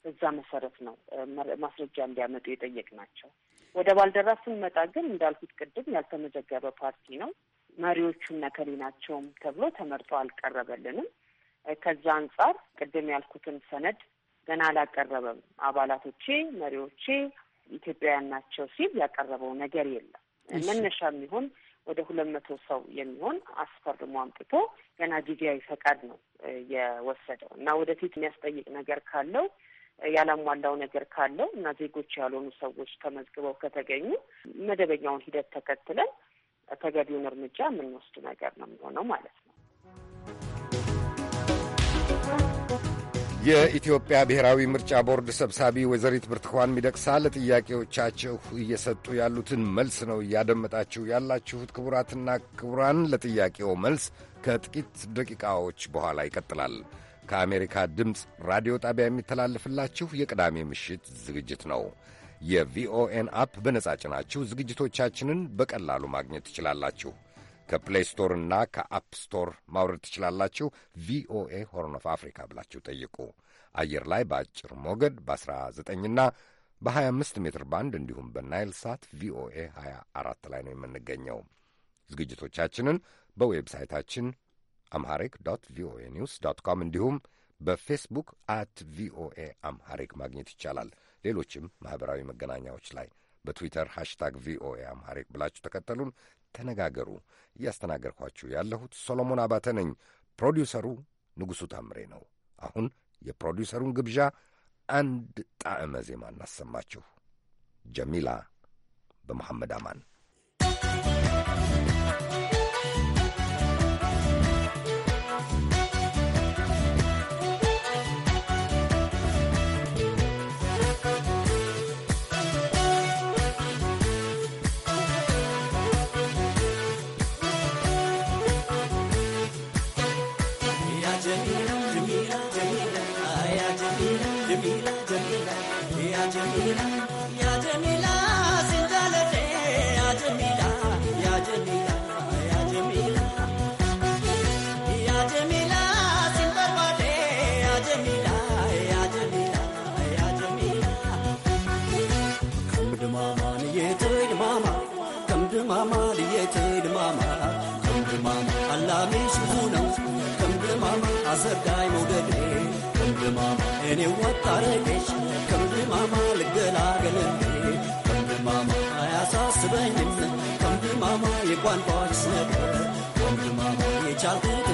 በዛ መሰረት ነው ማስረጃ እንዲያመጡ የጠየቅናቸው። ወደ ባልደራ ስንመጣ ግን እንዳልኩት ቅድም ያልተመዘገበ ፓርቲ ነው። መሪዎቹ ነከሌ ናቸውም ተብሎ ተመርጦ አልቀረበልንም። ከዛ አንጻር ቅድም ያልኩትን ሰነድ ገና አላቀረበም። አባላቶቼ፣ መሪዎቼ ኢትዮጵያውያን ናቸው ሲል ያቀረበው ነገር የለም። መነሻ የሚሆን ወደ ሁለት መቶ ሰው የሚሆን አስፈርሞ አምጥቶ ገና ጊዜያዊ ፈቃድ ነው የወሰደው እና ወደፊት የሚያስጠይቅ ነገር ካለው ያላሟላው ነገር ካለው እና ዜጎች ያልሆኑ ሰዎች ተመዝግበው ከተገኙ መደበኛውን ሂደት ተከትለን ተገቢውን እርምጃ የምንወስድ ነገር ነው የሚሆነው ማለት ነው። የኢትዮጵያ ብሔራዊ ምርጫ ቦርድ ሰብሳቢ ወይዘሪት ብርቱካን ሚደቅሳ ለጥያቄዎቻችሁ እየሰጡ ያሉትን መልስ ነው እያደመጣችሁ ያላችሁት። ክቡራትና ክቡራን፣ ለጥያቄው መልስ ከጥቂት ደቂቃዎች በኋላ ይቀጥላል። ከአሜሪካ ድምፅ ራዲዮ ጣቢያ የሚተላለፍላችሁ የቅዳሜ ምሽት ዝግጅት ነው። የቪኦኤን አፕ በነጻ ጭናችሁ ዝግጅቶቻችንን በቀላሉ ማግኘት ትችላላችሁ። ከፕሌይ ስቶር እና ከአፕ ስቶር ማውረድ ትችላላችሁ። ቪኦኤ ሆርን ኦፍ አፍሪካ ብላችሁ ጠይቁ። አየር ላይ በአጭር ሞገድ በ19ና በ25 ሜትር ባንድ እንዲሁም በናይል ሳት ቪኦኤ 24 ላይ ነው የምንገኘው። ዝግጅቶቻችንን በዌብሳይታችን አምሐሪክ ዶት ቪኦኤ ኒውስ ዶት ኮም እንዲሁም በፌስቡክ አት ቪኦኤ አምሐሪክ ማግኘት ይቻላል። ሌሎችም ማኅበራዊ መገናኛዎች ላይ በትዊተር ሃሽታግ ቪኦኤ አምሃሪክ ብላችሁ ተከተሉን፣ ተነጋገሩ። እያስተናገርኳችሁ ያለሁት ሶሎሞን አባተ ነኝ። ፕሮዲውሰሩ ንጉሡ ታምሬ ነው። አሁን የፕሮዲውሰሩን ግብዣ አንድ ጣዕመ ዜማ እናሰማችሁ። ጀሚላ በመሐመድ አማን ጉዳይ መውደዴ እኔ ወጣረሽ ከምድማማ ልገላገል ከምድማማ አያሳስበኝም ከምድማማ የቋንቋዎች ስነበር ከምድማማ የቻልኩት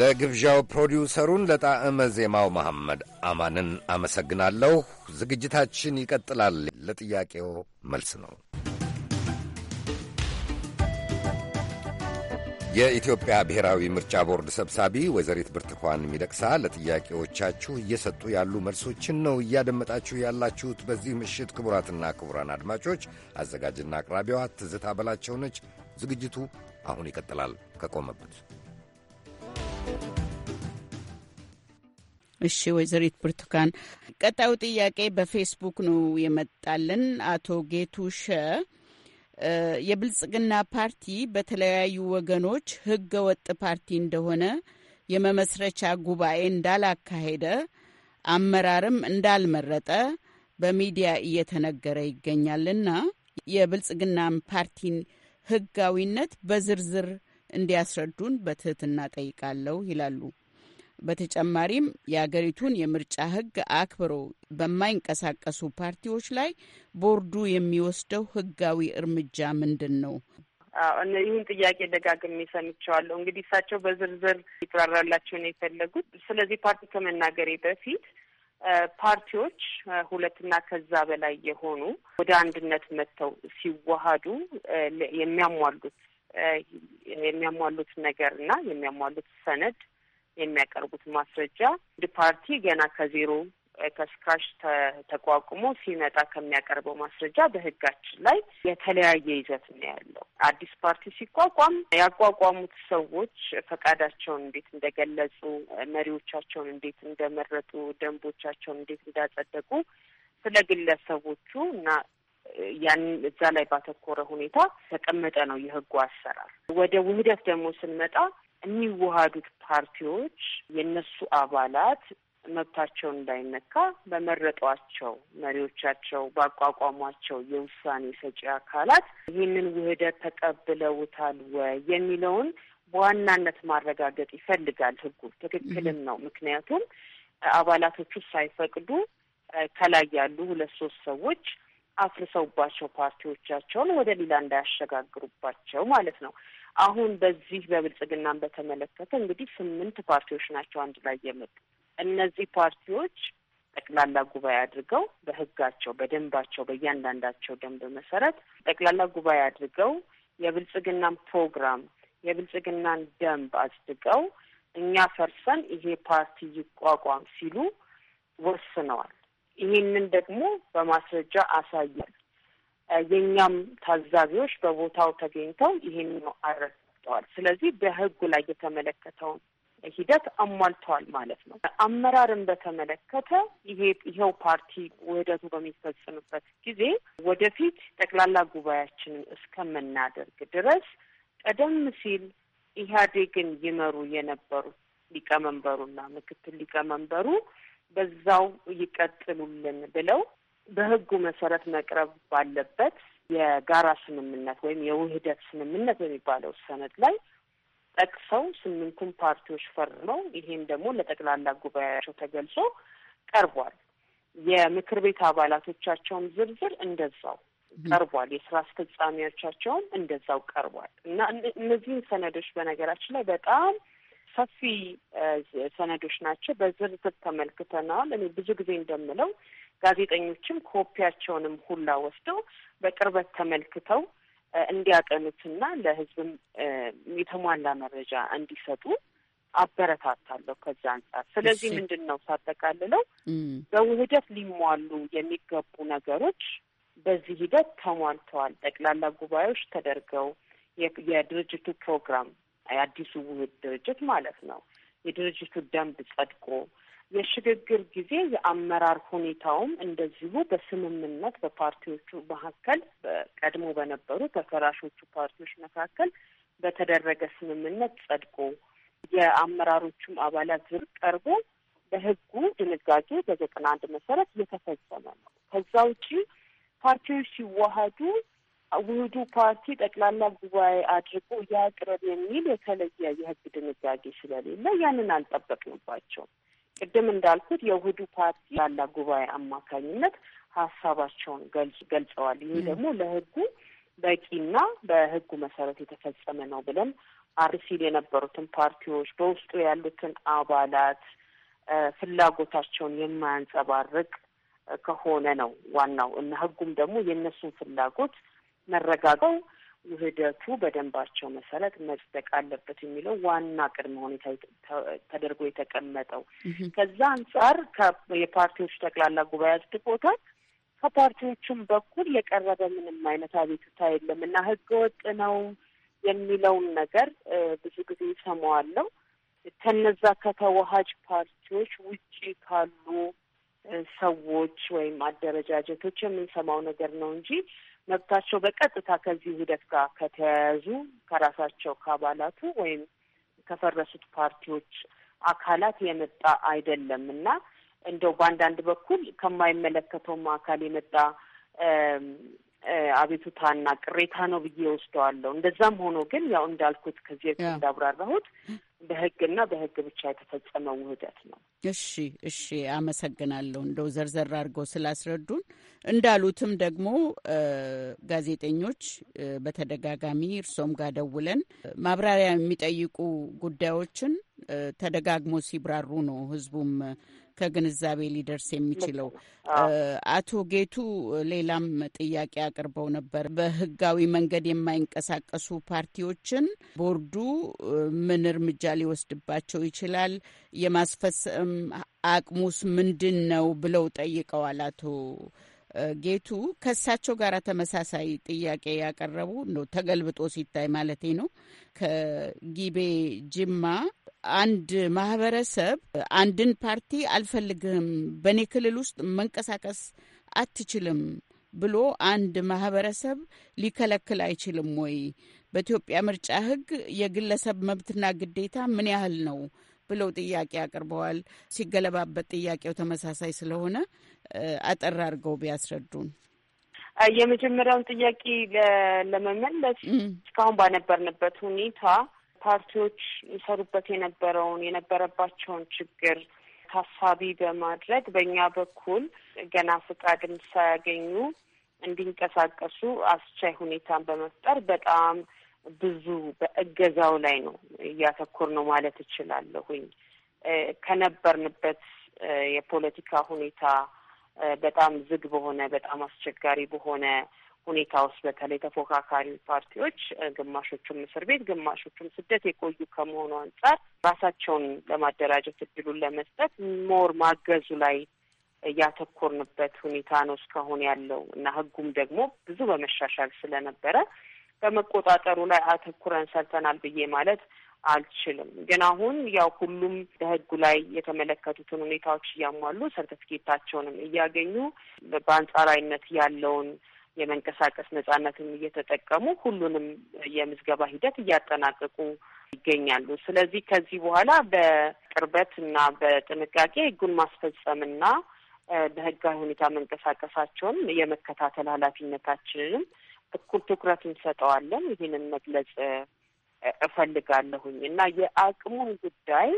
ለግብዣው ፕሮዲውሰሩን ለጣዕመ ዜማው መሐመድ አማንን አመሰግናለሁ። ዝግጅታችን ይቀጥላል። ለጥያቄው መልስ ነው። የኢትዮጵያ ብሔራዊ ምርጫ ቦርድ ሰብሳቢ ወይዘሪት ብርቱካን ሚደቅሳ ለጥያቄዎቻችሁ እየሰጡ ያሉ መልሶችን ነው እያደመጣችሁ ያላችሁት። በዚህ ምሽት ክቡራትና ክቡራን አድማጮች አዘጋጅና አቅራቢዋ ትዝታ በላቸው ነች። ዝግጅቱ አሁን ይቀጥላል ከቆመበት። እሺ ወይዘሪት ብርቱካን ቀጣዩ ጥያቄ በፌስቡክ ነው የመጣልን። አቶ ጌቱ ሸ የብልጽግና ፓርቲ በተለያዩ ወገኖች ህገ ወጥ ፓርቲ እንደሆነ የመመስረቻ ጉባኤ እንዳላካሄደ አመራርም እንዳልመረጠ በሚዲያ እየተነገረ ይገኛልና የብልጽግና ፓርቲን ህጋዊነት በዝርዝር እንዲያስረዱን በትህትና ጠይቃለሁ ይላሉ። በተጨማሪም የአገሪቱን የምርጫ ሕግ አክብሮ በማይንቀሳቀሱ ፓርቲዎች ላይ ቦርዱ የሚወስደው ሕጋዊ እርምጃ ምንድን ነው? ይህን ጥያቄ ደጋግሜ ሰምቸዋለሁ። እንግዲህ እሳቸው በዝርዝር ይብራራላቸው ነው የፈለጉት። ስለዚህ ፓርቲ ከመናገሬ በፊት ፓርቲዎች ሁለትና ከዛ በላይ የሆኑ ወደ አንድነት መጥተው ሲዋሃዱ የሚያሟሉት የሚያሟሉት ነገር እና የሚያሟሉት ሰነድ የሚያቀርቡት ማስረጃ ፓርቲ ገና ከዜሮ ከስካሽ ተቋቁሞ ሲመጣ ከሚያቀርበው ማስረጃ በህጋችን ላይ የተለያየ ይዘት ነው ያለው። አዲስ ፓርቲ ሲቋቋም ያቋቋሙት ሰዎች ፈቃዳቸውን እንዴት እንደገለጹ፣ መሪዎቻቸውን እንዴት እንደመረጡ፣ ደንቦቻቸውን እንዴት እንዳጸደቁ ስለ ግለሰቦቹ እና ያን እዛ ላይ ባተኮረ ሁኔታ ተቀመጠ ነው የህጉ አሰራር። ወደ ውህደት ደግሞ ስንመጣ የሚዋሃዱት ፓርቲዎች የእነሱ አባላት መብታቸውን እንዳይነካ በመረጧቸው መሪዎቻቸው ባቋቋሟቸው የውሳኔ ሰጪ አካላት ይህንን ውህደት ተቀብለውታል ወይ የሚለውን በዋናነት ማረጋገጥ ይፈልጋል። ህጉ ትክክልም ነው። ምክንያቱም አባላቶቹ ሳይፈቅዱ ከላይ ያሉ ሁለት ሶስት ሰዎች አፍርሰውባቸው ፓርቲዎቻቸውን ወደ ሌላ እንዳያሸጋግሩባቸው ማለት ነው። አሁን በዚህ በብልጽግናን በተመለከተ እንግዲህ ስምንት ፓርቲዎች ናቸው አንድ ላይ የመጡ እነዚህ ፓርቲዎች ጠቅላላ ጉባኤ አድርገው በህጋቸው በደንባቸው በእያንዳንዳቸው ደንብ መሰረት ጠቅላላ ጉባኤ አድርገው የብልጽግናን ፕሮግራም የብልጽግናን ደንብ አጽድቀው እኛ ፈርሰን ይሄ ፓርቲ ይቋቋም ሲሉ ወስነዋል። ይህንን ደግሞ በማስረጃ አሳያል። የእኛም ታዛቢዎች በቦታው ተገኝተው ይህን ነው አረጋግጠዋል። ስለዚህ በህጉ ላይ የተመለከተውን ሂደት አሟልተዋል ማለት ነው። አመራርን በተመለከተ ይሄ ይኸው ፓርቲ ውህደቱ በሚፈጽምበት ጊዜ ወደፊት ጠቅላላ ጉባኤያችንን እስከምናደርግ ድረስ ቀደም ሲል ኢህአዴግን ይመሩ የነበሩ ሊቀመንበሩና ምክትል ሊቀመንበሩ በዛው ይቀጥሉልን ብለው በህጉ መሰረት መቅረብ ባለበት የጋራ ስምምነት ወይም የውህደት ስምምነት በሚባለው ሰነድ ላይ ጠቅሰው ስምንቱን ፓርቲዎች ፈርመው ይሄም ደግሞ ለጠቅላላ ጉባኤያቸው ተገልጾ ቀርቧል። የምክር ቤት አባላቶቻቸውም ዝርዝር እንደዛው ቀርቧል። የስራ አስፈጻሚዎቻቸውም እንደዛው ቀርቧል እና እነዚህን ሰነዶች በነገራችን ላይ በጣም ሰፊ ሰነዶች ናቸው። በዝርዝር ተመልክተናል። እኔ ብዙ ጊዜ እንደምለው ጋዜጠኞችም ኮፒያቸውንም ሁላ ወስደው በቅርበት ተመልክተው እንዲያቀኑትና ለህዝብም የተሟላ መረጃ እንዲሰጡ አበረታታለሁ። ከዛ አንጻር ስለዚህ ምንድን ነው ሳጠቃልለው በውህደት ሊሟሉ የሚገቡ ነገሮች በዚህ ሂደት ተሟልተዋል። ጠቅላላ ጉባኤዎች ተደርገው የድርጅቱ ፕሮግራም የአዲሱ ውህድ ድርጅት ማለት ነው የድርጅቱ ደንብ ጸድቆ የሽግግር ጊዜ የአመራር ሁኔታውም እንደዚሁ በስምምነት በፓርቲዎቹ መካከል ቀድሞ በነበሩ በፈራሾቹ ፓርቲዎች መካከል በተደረገ ስምምነት ጸድቆ የአመራሮቹም አባላት ዝር ቀርቦ በህጉ ድንጋጌ በዘጠና አንድ መሰረት እየተፈጸመ ነው። ከዛ ውጪ ፓርቲዎች ሲዋሃዱ ውህዱ ፓርቲ ጠቅላላ ጉባኤ አድርጎ ያቅርብ የሚል የተለየ የህግ ድንጋጌ ስለሌለ ያንን አልጠበቅንባቸውም። ቅድም እንዳልኩት የውህዱ ፓርቲ ላላ ጉባኤ አማካኝነት ሀሳባቸውን ገልጸዋል። ይህ ደግሞ ለህጉ በቂና በህጉ መሰረት የተፈጸመ ነው ብለን አርሲል ሲል የነበሩትን ፓርቲዎች በውስጡ ያሉትን አባላት ፍላጎታቸውን የማያንጸባርቅ ከሆነ ነው ዋናው እና ህጉም ደግሞ የእነሱን ፍላጎት መረጋገው ውህደቱ በደንባቸው መሰረት መጽደቅ አለበት የሚለው ዋና ቅድመ ሁኔታ ተደርጎ የተቀመጠው። ከዛ አንጻር የፓርቲዎች ጠቅላላ ጉባኤ አጽድቆታል። ከፓርቲዎቹም በኩል የቀረበ ምንም አይነት አቤቱታ የለም እና ህገ ወጥ ነው የሚለውን ነገር ብዙ ጊዜ ይሰማዋለሁ። ከነዛ ከተወሃጅ ፓርቲዎች ውጪ ካሉ ሰዎች ወይም አደረጃጀቶች የምንሰማው ነገር ነው እንጂ መብታቸው በቀጥታ ከዚህ ውህደት ጋር ከተያያዙ ከራሳቸው ከአባላቱ ወይም ከፈረሱት ፓርቲዎች አካላት የመጣ አይደለም እና እንደው በአንዳንድ በኩል ከማይመለከተውም አካል የመጣ አቤቱታና ቅሬታ ነው ብዬ ወስደዋለሁ። እንደዛም ሆኖ ግን ያው እንዳልኩት ከዚህ እንዳብራራሁት በህግና በህግ ብቻ የተፈጸመ ውህደት ነው። እሺ፣ እሺ፣ አመሰግናለሁ። እንደው ዘርዘር አድርገው ስላስረዱን። እንዳሉትም ደግሞ ጋዜጠኞች በተደጋጋሚ እርሶም ጋር ደውለን ማብራሪያ የሚጠይቁ ጉዳዮችን ተደጋግሞ ሲብራሩ ነው ህዝቡም ከግንዛቤ ሊደርስ የሚችለው? አቶ ጌቱ ሌላም ጥያቄ አቅርበው ነበር። በህጋዊ መንገድ የማይንቀሳቀሱ ፓርቲዎችን ቦርዱ ምን እርምጃ ሊወስድባቸው ይችላል? የማስፈጸም አቅሙስ ምንድን ነው ብለው ጠይቀዋል አቶ ጌቱ ከእሳቸው ጋር ተመሳሳይ ጥያቄ ያቀረቡ ነው። ተገልብጦ ሲታይ ማለቴ ነው። ከጊቤ ጅማ አንድ ማህበረሰብ አንድን ፓርቲ አልፈልግህም፣ በእኔ ክልል ውስጥ መንቀሳቀስ አትችልም ብሎ አንድ ማህበረሰብ ሊከለክል አይችልም ወይ? በኢትዮጵያ ምርጫ ህግ የግለሰብ መብትና ግዴታ ምን ያህል ነው ብለው ጥያቄ አቅርበዋል። ሲገለባበት ጥያቄው ተመሳሳይ ስለሆነ አጠር አድርገው ቢያስረዱን። የመጀመሪያውን ጥያቄ ለመመለስ እስካሁን ባነበርንበት ሁኔታ ፓርቲዎች ይሰሩበት የነበረውን የነበረባቸውን ችግር ታሳቢ በማድረግ በእኛ በኩል ገና ፍቃድን ሳያገኙ እንዲንቀሳቀሱ አስቻይ ሁኔታን በመፍጠር በጣም ብዙ በእገዛው ላይ ነው እያተኮር ነው ማለት እችላለሁኝ። ከነበርንበት የፖለቲካ ሁኔታ በጣም ዝግ በሆነ በጣም አስቸጋሪ በሆነ ሁኔታ ውስጥ በተለይ ተፎካካሪ ፓርቲዎች ግማሾቹም እስር ቤት ግማሾቹም ስደት የቆዩ ከመሆኑ አንጻር ራሳቸውን ለማደራጀት እድሉን ለመስጠት ሞር ማገዙ ላይ እያተኮርንበት ሁኔታ ነው እስካሁን ያለው እና ህጉም ደግሞ ብዙ በመሻሻል ስለነበረ በመቆጣጠሩ ላይ አተኩረን ሰርተናል ብዬ ማለት አልችልም። ግን አሁን ያው ሁሉም በህጉ ላይ የተመለከቱትን ሁኔታዎች እያሟሉ ሰርተፍኬታቸውንም እያገኙ በአንጻራዊነት ያለውን የመንቀሳቀስ ነጻነትን እየተጠቀሙ ሁሉንም የምዝገባ ሂደት እያጠናቀቁ ይገኛሉ። ስለዚህ ከዚህ በኋላ በቅርበት እና በጥንቃቄ ህጉን ማስፈጸምና በህጋዊ ሁኔታ መንቀሳቀሳቸውን የመከታተል ኃላፊነታችንንም እኩል ትኩረት እንሰጠዋለን። ይህንን መግለጽ እፈልጋለሁኝ እና የአቅሙን ጉዳይ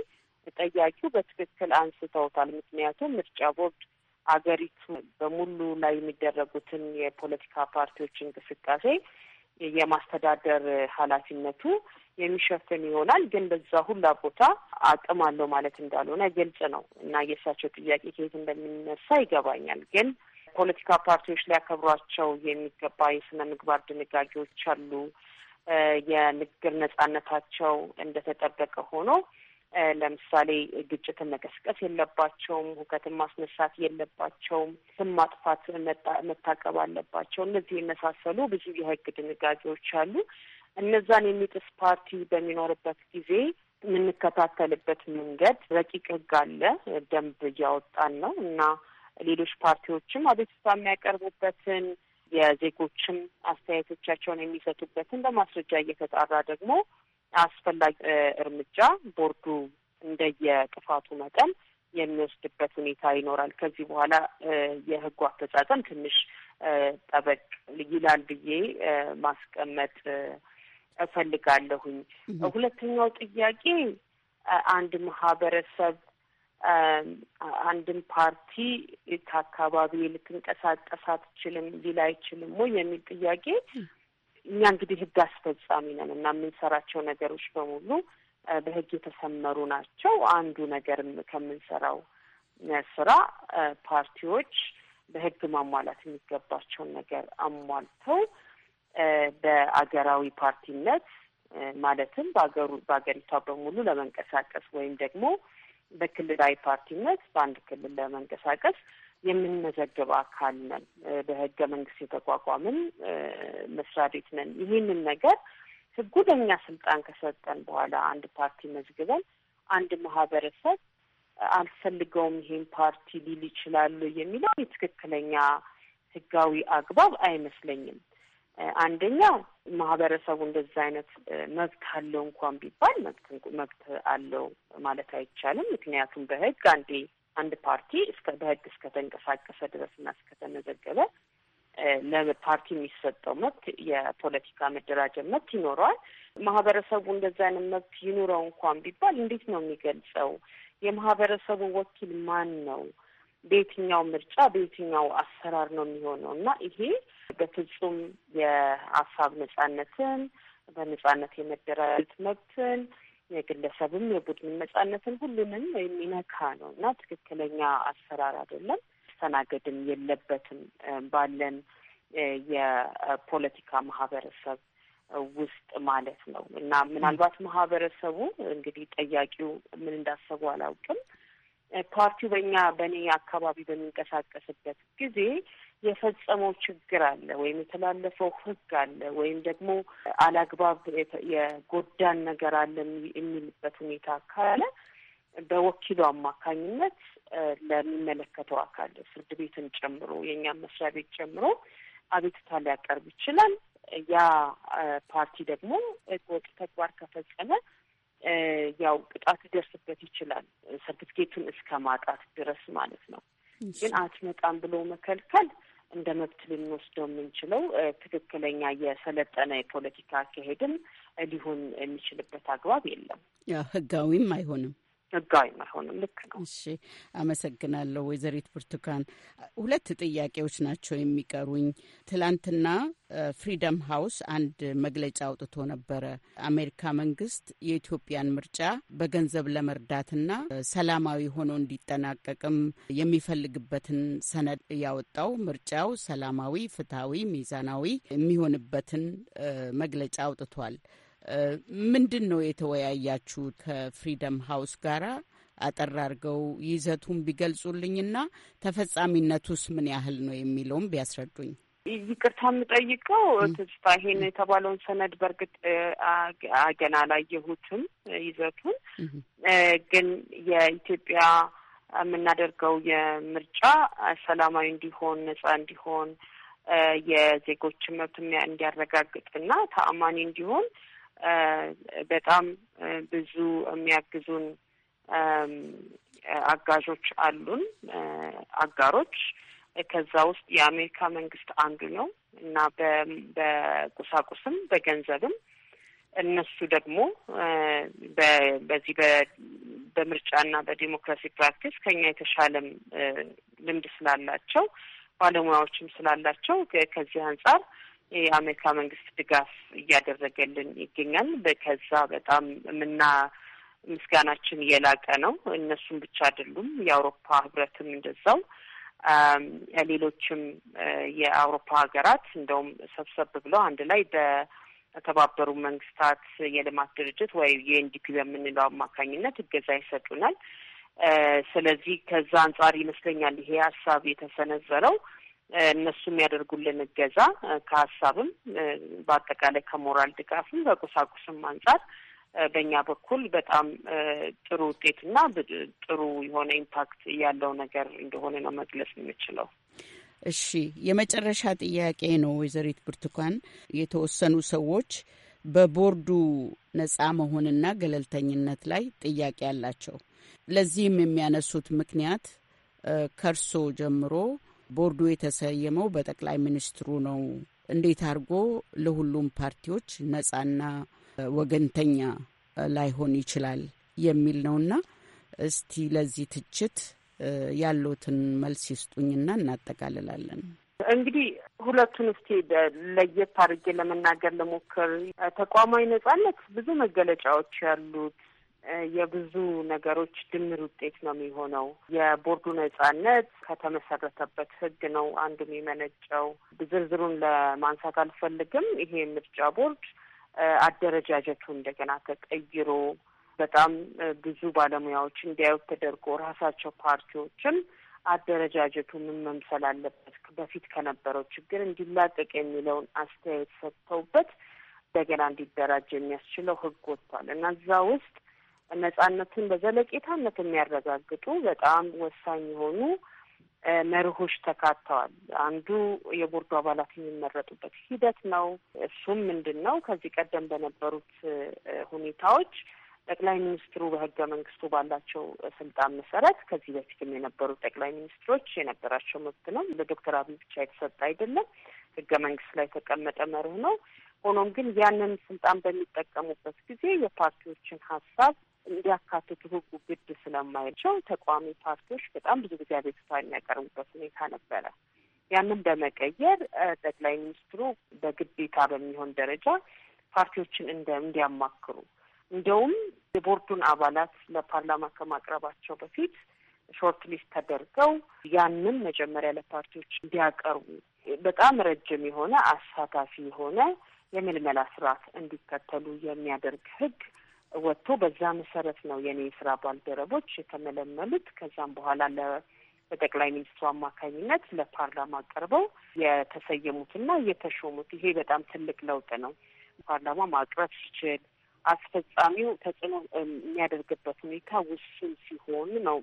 ጠያቂው በትክክል አንስተውታል። ምክንያቱም ምርጫ ቦርድ አገሪቱ በሙሉ ላይ የሚደረጉትን የፖለቲካ ፓርቲዎች እንቅስቃሴ የማስተዳደር ኃላፊነቱ የሚሸፍን ይሆናል። ግን በዛ ሁላ ቦታ አቅም አለው ማለት እንዳልሆነ ግልጽ ነው እና የእሳቸው ጥያቄ ከየት እንደሚነሳ ይገባኛል። ግን ፖለቲካ ፓርቲዎች ሊያከብሯቸው የሚገባ የስነ ምግባር ድንጋጌዎች አሉ። የንግግር ነጻነታቸው እንደተጠበቀ ሆኖ ለምሳሌ ግጭትን መቀስቀስ የለባቸውም። ሁከትን ማስነሳት የለባቸውም። ስም ማጥፋት መታቀብ አለባቸው። እነዚህ የመሳሰሉ ብዙ የህግ ድንጋጌዎች አሉ። እነዛን የሚጥስ ፓርቲ በሚኖርበት ጊዜ የምንከታተልበት መንገድ ረቂቅ ህግ አለ። ደንብ እያወጣን ነው እና ሌሎች ፓርቲዎችም አቤቱታ የሚያቀርቡበትን የዜጎችም አስተያየቶቻቸውን የሚሰጡበትን በማስረጃ እየተጣራ ደግሞ አስፈላጊ እርምጃ ቦርዱ እንደየጥፋቱ መጠን የሚወስድበት ሁኔታ ይኖራል። ከዚህ በኋላ የህጉ አፈጻጸም ትንሽ ጠበቅ ይላል ብዬ ማስቀመጥ እፈልጋለሁኝ። ሁለተኛው ጥያቄ አንድ ማህበረሰብ አንድን ፓርቲ ከአካባቢ ልትንቀሳቀስ አትችልም ሊል አይችልም ወይ የሚል ጥያቄ እኛ እንግዲህ ህግ አስፈጻሚ ነን እና የምንሰራቸው ነገሮች በሙሉ በህግ የተሰመሩ ናቸው። አንዱ ነገር ከምንሰራው ስራ ፓርቲዎች በህግ ማሟላት የሚገባቸውን ነገር አሟልተው በአገራዊ ፓርቲነት ማለትም በአገሩ በሀገሪቷ በሙሉ ለመንቀሳቀስ ወይም ደግሞ በክልላዊ ፓርቲነት በአንድ ክልል ለመንቀሳቀስ የምንመዘግብ አካል ነን። በህገ መንግስት የተቋቋምን መስሪያ ቤት ነን። ይህንን ነገር ህጉ ለእኛ ስልጣን ከሰጠን በኋላ አንድ ፓርቲ መዝግበን አንድ ማህበረሰብ አልፈልገውም ይሄን ፓርቲ ሊል ይችላሉ የሚለው የትክክለኛ ህጋዊ አግባብ አይመስለኝም። አንደኛ ማህበረሰቡ እንደዛ አይነት መብት አለው እንኳን ቢባል መብት አለው ማለት አይቻልም። ምክንያቱም በህግ አንዴ አንድ ፓርቲ እስከ በህግ እስከተንቀሳቀሰ ድረስና እስከተመዘገበ ለፓርቲ የሚሰጠው መብት የፖለቲካ መደራጀት መብት ይኖረዋል። ማህበረሰቡ እንደዚ አይነት መብት ይኑረው እንኳን ቢባል እንዴት ነው የሚገልጸው? የማህበረሰቡ ወኪል ማን ነው? በየትኛው ምርጫ በየትኛው አሰራር ነው የሚሆነው? እና ይሄ በፍጹም የሀሳብ ነጻነትን በነጻነት የመደራጀት መብትን የግለሰብም የቡድን ነጻነትን ሁሉንም የሚነካ ነው እና ትክክለኛ አሰራር አይደለም፣ ሰናገድም የለበትም ባለን የፖለቲካ ማህበረሰብ ውስጥ ማለት ነው እና ምናልባት ማህበረሰቡ እንግዲህ ጠያቂው ምን እንዳሰቡ አላውቅም። ፓርቲው በእኛ በእኔ አካባቢ በሚንቀሳቀስበት ጊዜ የፈጸመው ችግር አለ ወይም የተላለፈው ህግ አለ ወይም ደግሞ አላግባብ የጎዳን ነገር አለ የሚልበት ሁኔታ ካለ በወኪሉ አማካኝነት ለሚመለከተው አካል ፍርድ ቤትን ጨምሮ የእኛም መስሪያ ቤት ጨምሮ አቤቱታ ሊያቀርብ ይችላል። ያ ፓርቲ ደግሞ ሕገወጥ ተግባር ከፈጸመ ያው ቅጣት ሊደርስበት ይችላል፣ ሰርቲፊኬቱን እስከ ማጣት ድረስ ማለት ነው። ግን አትመጣም ብሎ መከልከል እንደ መብት ልንወስደው የምንችለው ትክክለኛ የሰለጠነ የፖለቲካ አካሄድም ሊሆን የሚችልበት አግባብ የለም። ያ ህጋዊም አይሆንም። ህጋዊ አይሆንም። ልክ ነው። እሺ አመሰግናለሁ ወይዘሪት ብርቱካን። ሁለት ጥያቄዎች ናቸው የሚቀሩኝ። ትላንትና ፍሪደም ሀውስ አንድ መግለጫ አውጥቶ ነበረ። አሜሪካ መንግስት የኢትዮጵያን ምርጫ በገንዘብ ለመርዳትና ሰላማዊ ሆኖ እንዲጠናቀቅም የሚፈልግበትን ሰነድ ያወጣው ምርጫው ሰላማዊ፣ ፍትሐዊ፣ ሚዛናዊ የሚሆንበትን መግለጫ አውጥቷል። ምንድን ነው የተወያያችሁ ከፍሪደም ሀውስ ጋራ? አጠር አድርገው ይዘቱን ቢገልጹልኝና ተፈጻሚነቱስ ምን ያህል ነው የሚለውም ቢያስረዱኝ። ይቅርታ የምጠይቀው ትስታ ይሄን የተባለውን ሰነድ በእርግጥ አገና አላየሁትም። ይዘቱን ግን የኢትዮጵያ የምናደርገው የምርጫ ሰላማዊ እንዲሆን፣ ነጻ እንዲሆን፣ የዜጎችን መብት እንዲያረጋግጥና ተአማኒ እንዲሆን በጣም ብዙ የሚያግዙን አጋዦች አሉን፣ አጋሮች። ከዛ ውስጥ የአሜሪካ መንግስት አንዱ ነው እና በቁሳቁስም በገንዘብም እነሱ ደግሞ በዚህ በምርጫና በዲሞክራሲ ፕራክቲስ ከኛ የተሻለም ልምድ ስላላቸው ባለሙያዎችም ስላላቸው ከዚህ አንጻር የአሜሪካ መንግስት ድጋፍ እያደረገልን ይገኛል። ከዛ በጣም የምና ምስጋናችን የላቀ ነው። እነሱም ብቻ አይደሉም፣ የአውሮፓ ህብረትም እንደዛው ሌሎችም የአውሮፓ ሀገራት እንደውም ሰብሰብ ብለው አንድ ላይ በተባበሩ መንግስታት የልማት ድርጅት ወይ የኤንዲፒ በምንለው አማካኝነት እገዛ ይሰጡናል። ስለዚህ ከዛ አንጻር ይመስለኛል ይሄ ሀሳብ የተሰነዘረው እነሱ የሚያደርጉልን እገዛ ከሀሳብም በአጠቃላይ ከሞራል ድጋፍም በቁሳቁስም አንጻር በእኛ በኩል በጣም ጥሩ ውጤትና ጥሩ የሆነ ኢምፓክት ያለው ነገር እንደሆነ ነው መግለጽ የምችለው። እሺ፣ የመጨረሻ ጥያቄ ነው። ወይዘሪት ብርቱካን የተወሰኑ ሰዎች በቦርዱ ነጻ መሆንና ገለልተኝነት ላይ ጥያቄ አላቸው። ለዚህም የሚያነሱት ምክንያት ከእርሶ ጀምሮ ቦርዱ የተሰየመው በጠቅላይ ሚኒስትሩ ነው። እንዴት አድርጎ ለሁሉም ፓርቲዎች ነጻና ወገንተኛ ላይሆን ይችላል የሚል ነውና እስቲ ለዚህ ትችት ያለትን መልስ ይስጡኝና እናጠቃልላለን። እንግዲህ ሁለቱን እስቲ ለየት አድርጌ ለመናገር ልሞክር። ተቋማዊ ነጻነት ብዙ መገለጫዎች ያሉት የብዙ ነገሮች ድምር ውጤት ነው የሚሆነው። የቦርዱ ነጻነት ከተመሰረተበት ህግ ነው አንዱ የሚመነጨው። ዝርዝሩን ለማንሳት አልፈልግም። ይሄ ምርጫ ቦርድ አደረጃጀቱ እንደገና ተቀይሮ በጣም ብዙ ባለሙያዎች እንዲያዩት ተደርጎ ራሳቸው ፓርቲዎችም አደረጃጀቱ ምን መምሰል አለበት በፊት ከነበረው ችግር እንዲላቀቅ የሚለውን አስተያየት ሰጥተውበት እንደገና እንዲደራጅ የሚያስችለው ህግ ወጥቷል እና እዛ ውስጥ ነጻነትን በዘለቄታነት የሚያረጋግጡ በጣም ወሳኝ የሆኑ መርሆች ተካተዋል። አንዱ የቦርዱ አባላት የሚመረጡበት ሂደት ነው። እሱም ምንድን ነው? ከዚህ ቀደም በነበሩት ሁኔታዎች ጠቅላይ ሚኒስትሩ በህገ መንግስቱ ባላቸው ስልጣን መሰረት ከዚህ በፊትም የነበሩ ጠቅላይ ሚኒስትሮች የነበራቸው መብት ነው። ለዶክተር አብይ ብቻ የተሰጠ አይደለም። ህገ መንግስት ላይ የተቀመጠ መርህ ነው። ሆኖም ግን ያንን ስልጣን በሚጠቀሙበት ጊዜ የፓርቲዎችን ሀሳብ እንዲያካትቱ ህጉ ግድ ስለማይቸው ተቃዋሚ ፓርቲዎች በጣም ብዙ ጊዜ አቤቱታ የሚያቀርቡበት ሁኔታ ነበረ። ያንን በመቀየር ጠቅላይ ሚኒስትሩ በግዴታ በሚሆን ደረጃ ፓርቲዎችን እንዲያማክሩ እንደውም የቦርዱን አባላት ለፓርላማ ከማቅረባቸው በፊት ሾርት ሊስት ተደርገው ያንን መጀመሪያ ለፓርቲዎች እንዲያቀርቡ በጣም ረጅም የሆነ አሳታፊ የሆነ የምልመላ ስርዓት እንዲከተሉ የሚያደርግ ህግ ወጥቶ በዛ መሰረት ነው የኔ የስራ ባልደረቦች የተመለመሉት። ከዛም በኋላ በጠቅላይ ሚኒስትሩ አማካኝነት ለፓርላማ ቀርበው የተሰየሙትና የተሾሙት። ይሄ በጣም ትልቅ ለውጥ ነው። ፓርላማ ማቅረብ ሲችል አስፈጻሚው ተጽዕኖ የሚያደርግበት ሁኔታ ውሱን ሲሆን ነው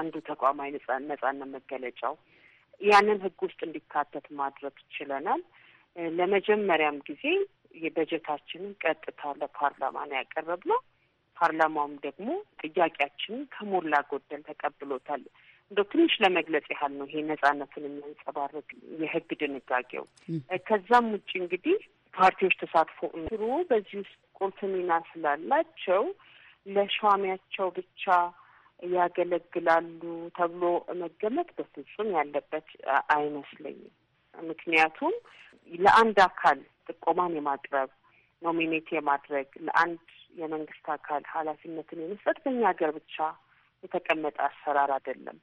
አንዱ ተቋማዊ ነጻነት መገለጫው። ያንን ህግ ውስጥ እንዲካተት ማድረግ ችለናል። ለመጀመሪያም ጊዜ የበጀታችንን ቀጥታ ለፓርላማ ነው ያቀረብነው። ፓርላማውም ደግሞ ጥያቄያችንን ከሞላ ጎደል ተቀብሎታል። እንደው ትንሽ ለመግለጽ ያህል ነው ይሄ ነጻነትን የሚያንጸባርቅ የህግ ድንጋጌው። ከዛም ውጭ እንግዲህ ፓርቲዎች ተሳትፎ ስሩ በዚህ ውስጥ ቁልፍ ሚና ስላላቸው ለሿሚያቸው ብቻ ያገለግላሉ ተብሎ መገመት በፍጹም ያለበት አይመስለኝም። ምክንያቱም ለአንድ አካል ጥቆማን የማቅረብ ኖሚኔት የማድረግ ለአንድ የመንግስት አካል ኃላፊነትን የመስጠት በእኛ ሀገር ብቻ የተቀመጠ አሰራር አይደለም።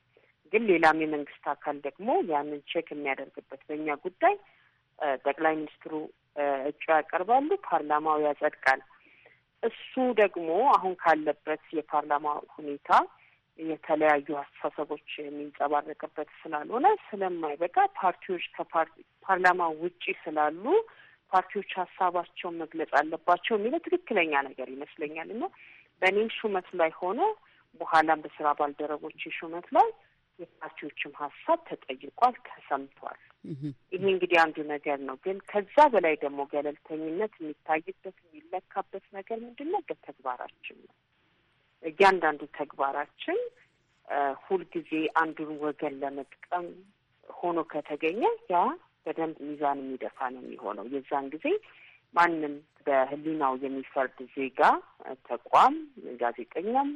ግን ሌላም የመንግስት አካል ደግሞ ያንን ቼክ የሚያደርግበት በእኛ ጉዳይ ጠቅላይ ሚኒስትሩ እጩ ያቀርባሉ፣ ፓርላማው ያጸድቃል። እሱ ደግሞ አሁን ካለበት የፓርላማ ሁኔታ የተለያዩ አስተሳሰቦች የሚንጸባረቅበት ስላልሆነ ስለማይበቃ ፓርቲዎች ከፓርላማ ውጪ ስላሉ ፓርቲዎች ሀሳባቸውን መግለጽ አለባቸው የሚለው ትክክለኛ ነገር ይመስለኛል እና በእኔም ሹመት ላይ ሆኖ በኋላም በስራ ባልደረቦች ሹመት ላይ የፓርቲዎችም ሀሳብ ተጠይቋል፣ ተሰምቷል። ይሄ እንግዲህ አንዱ ነገር ነው። ግን ከዛ በላይ ደግሞ ገለልተኝነት የሚታይበት የሚለካበት ነገር ምንድን ነው? በተግባራችን ነው። እያንዳንዱ ተግባራችን ሁልጊዜ አንዱን ወገን ለመጥቀም ሆኖ ከተገኘ ያ በደንብ ሚዛን የሚደፋ ነው የሚሆነው። የዛን ጊዜ ማንም በህሊናው የሚፈርድ ዜጋ፣ ተቋም፣ ጋዜጠኛም፣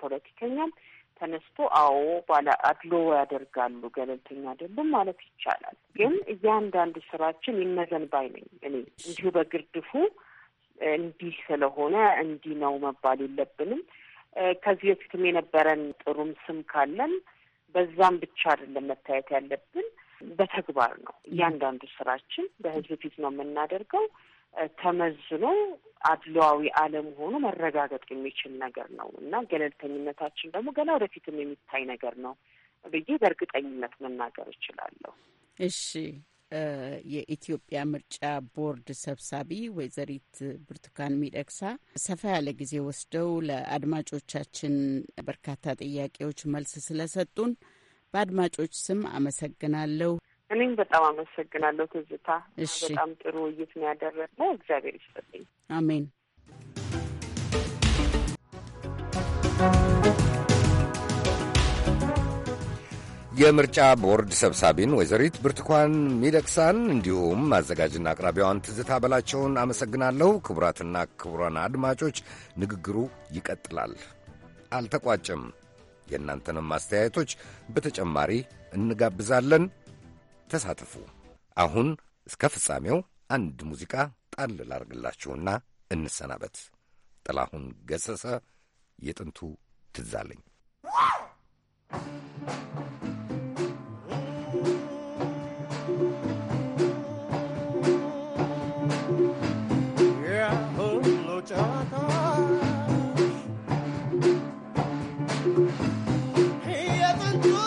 ፖለቲከኛም ተነስቶ አዎ ባለ አድሎ ያደርጋሉ፣ ገለልተኛ አይደሉም ማለት ይቻላል። ግን እያንዳንዱ ስራችን ይመዘን ባይ ነኝ እኔ እንዲሁ በግርድፉ እንዲህ ስለሆነ እንዲህ ነው መባል የለብንም። ከዚህ በፊትም የነበረን ጥሩም ስም ካለን በዛም ብቻ አይደለም መታየት ያለብን በተግባር ነው። እያንዳንዱ ስራችን በህዝብ ፊት ነው የምናደርገው። ተመዝኖ አድሏዊ አለመሆኑ መረጋገጥ የሚችል ነገር ነው እና ገለልተኝነታችን ደግሞ ገና ወደፊትም የሚታይ ነገር ነው ብዬ በእርግጠኝነት መናገር እችላለሁ። እሺ፣ የኢትዮጵያ ምርጫ ቦርድ ሰብሳቢ ወይዘሪት ብርቱካን ሚደቅሳ ሰፋ ያለ ጊዜ ወስደው ለአድማጮቻችን በርካታ ጥያቄዎች መልስ ስለሰጡን በአድማጮች ስም አመሰግናለሁ። እኔም በጣም አመሰግናለሁ ትዝታ። በጣም ጥሩ ውይይት ነው ያደረግነው። እግዚአብሔር ይስጥልኝ። አሜን። የምርጫ ቦርድ ሰብሳቢን ወይዘሪት ብርቱካን ሚደቅሳን እንዲሁም አዘጋጅና አቅራቢዋን ትዝታ በላቸውን አመሰግናለሁ። ክቡራትና ክቡራን አድማጮች ንግግሩ ይቀጥላል፣ አልተቋጨም። የእናንተንም አስተያየቶች በተጨማሪ እንጋብዛለን። ተሳተፉ። አሁን እስከ ፍጻሜው አንድ ሙዚቃ ጣል ላርግላችሁና እንሰናበት። ጥላሁን ገሰሰ የጥንቱ ትዛለኝ Oh.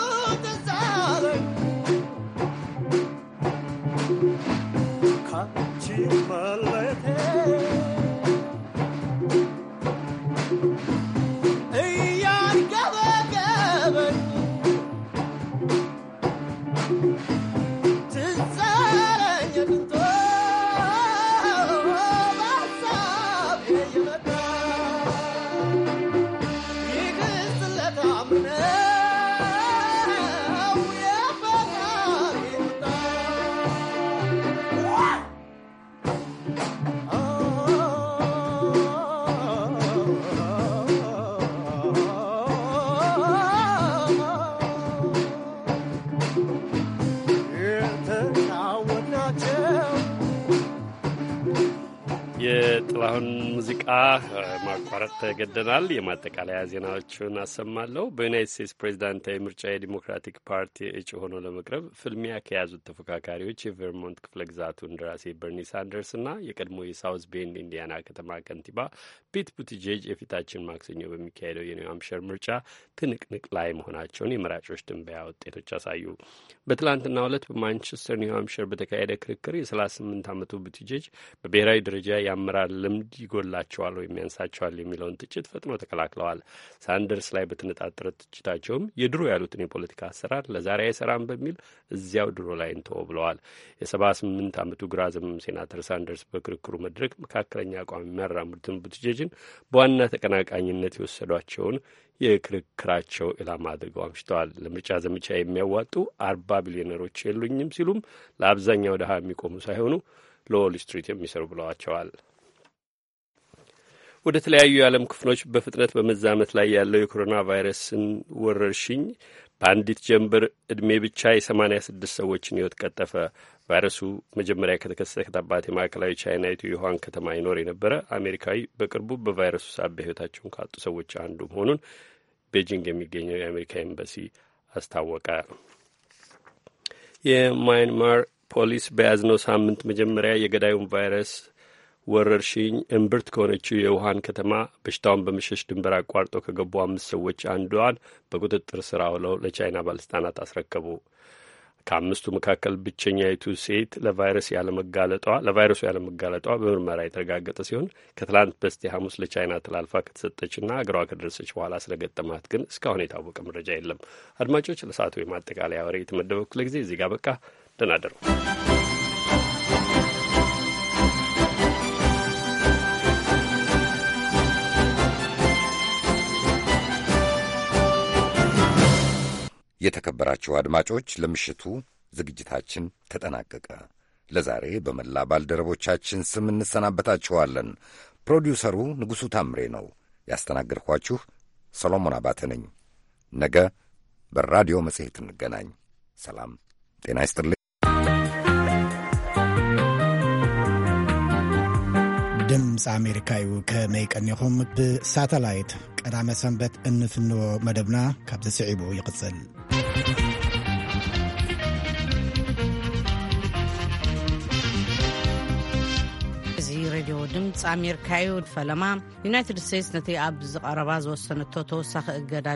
ተገደናል። የማጠቃለያ ዜናዎችን አሰማለሁ። በዩናይት ስቴትስ ፕሬዚዳንታዊ ምርጫ የዲሞክራቲክ ፓርቲ እጩ ሆኖ ለመቅረብ ፍልሚያ ከያዙት ተፎካካሪዎች የቬርሞንት ክፍለ ግዛቱ እንደራሴ በርኒ ሳንደርስ እና የቀድሞ የሳውዝ ቤንድ ኢንዲያና ከተማ ከንቲባ ፒት ቡቲጄጅ የፊታችን ማክሰኞ በሚካሄደው የኒው ሃምፕሸር ምርጫ ትንቅንቅ ላይ መሆናቸውን የመራጮች ድንበያ ውጤቶች አሳዩ። በትላንትና ዕለት በማንቸስተር ኒው ሃምፕሸር በተካሄደ ክርክር የ38 ዓመቱ ቡቲጄጅ በብሔራዊ ደረጃ የአመራር ልምድ ይጎላቸዋል ወይም ያንሳቸዋል የሚለውን ያቀረበውን ትችት ፈጥኖ ተከላክለዋል። ሳንደርስ ላይ በተነጣጠረ ትችታቸውም የድሮ ያሉትን የፖለቲካ አሰራር ለዛሬ አይሰራም በሚል እዚያው ድሮ ላይ እንተወ ብለዋል። የሰባ ስምንት ዓመቱ ግራ ዘመም ሴናተር ሳንደርስ በክርክሩ መድረክ መካከለኛ አቋም የሚያራምዱትን ቡትጀጅን በዋና ተቀናቃኝነት የወሰዷቸውን የክርክራቸው ኢላማ አድርገው አምሽተዋል። ለምርጫ ዘመቻ የሚያዋጡ አርባ ቢሊዮነሮች የሉኝም ሲሉም ለአብዛኛው ድሀ የሚቆሙ ሳይሆኑ ለዎል ስትሪት የሚሰሩ ብለዋቸዋል። ወደ ተለያዩ የዓለም ክፍሎች በፍጥነት በመዛመት ላይ ያለው የኮሮና ቫይረስን ወረርሽኝ በአንዲት ጀንበር ዕድሜ ብቻ የሰማንያ ስድስት ሰዎችን ሕይወት ቀጠፈ። ቫይረሱ መጀመሪያ ከተከሰተባት የማዕከላዊ ቻይናዊቱ ዩሃን ከተማ ይኖር የነበረ አሜሪካዊ በቅርቡ በቫይረሱ ሳቢያ ሕይወታቸውን ካጡ ሰዎች አንዱ መሆኑን ቤጂንግ የሚገኘው የአሜሪካ ኤምባሲ አስታወቀ። የማይንማር ፖሊስ በያዝነው ሳምንት መጀመሪያ የገዳዩን ቫይረስ ወረርሽኝ እምብርት ከሆነችው የውሃን ከተማ በሽታውን በመሸሽ ድንበር አቋርጦ ከገቡ አምስት ሰዎች አንዷን በቁጥጥር ስር አውለው ለቻይና ባለስልጣናት አስረከቡ። ከአምስቱ መካከል ብቸኛይቱ ሴት ለቫይረስ ያለመጋለጧ ለቫይረሱ ያለመጋለጧ በምርመራ የተረጋገጠ ሲሆን ከትላንት በስቲያ ሐሙስ ለቻይና ተላልፋ ከተሰጠችና አገሯ ከደረሰች በኋላ ስለገጠማት ግን እስካሁን የታወቀ መረጃ የለም። አድማጮች፣ ለሰዓቱ የማጠቃለያ ወሬ የተመደበው ክፍለ ጊዜ እዚህ ጋር በቃ። ደህና እደሩ። የተከበራችሁ አድማጮች ለምሽቱ ዝግጅታችን ተጠናቀቀ። ለዛሬ በመላ ባልደረቦቻችን ስም እንሰናበታችኋለን። ፕሮዲውሰሩ ንጉሡ ታምሬ ነው። ያስተናገድኳችሁ ሰሎሞን አባተ ነኝ። ነገ በራዲዮ መጽሔት እንገናኝ። ሰላም ጤና ይስጥልኝ። ድምፂ ኣሜሪካ እዩ ከመይ ቀኒኹም ብሳተላይት ቀዳመ ሰንበት እንፍንዎ መደብና ካብ ዝስዒቡ ይቕፅል ሬድዮ ድምፂ ኣሜሪካ እዩ ፈለማ ዩናይትድ ስቴትስ ነቲ ኣብ ዝቐረባ ዝወሰነቶ ተወሳኺ እገዳ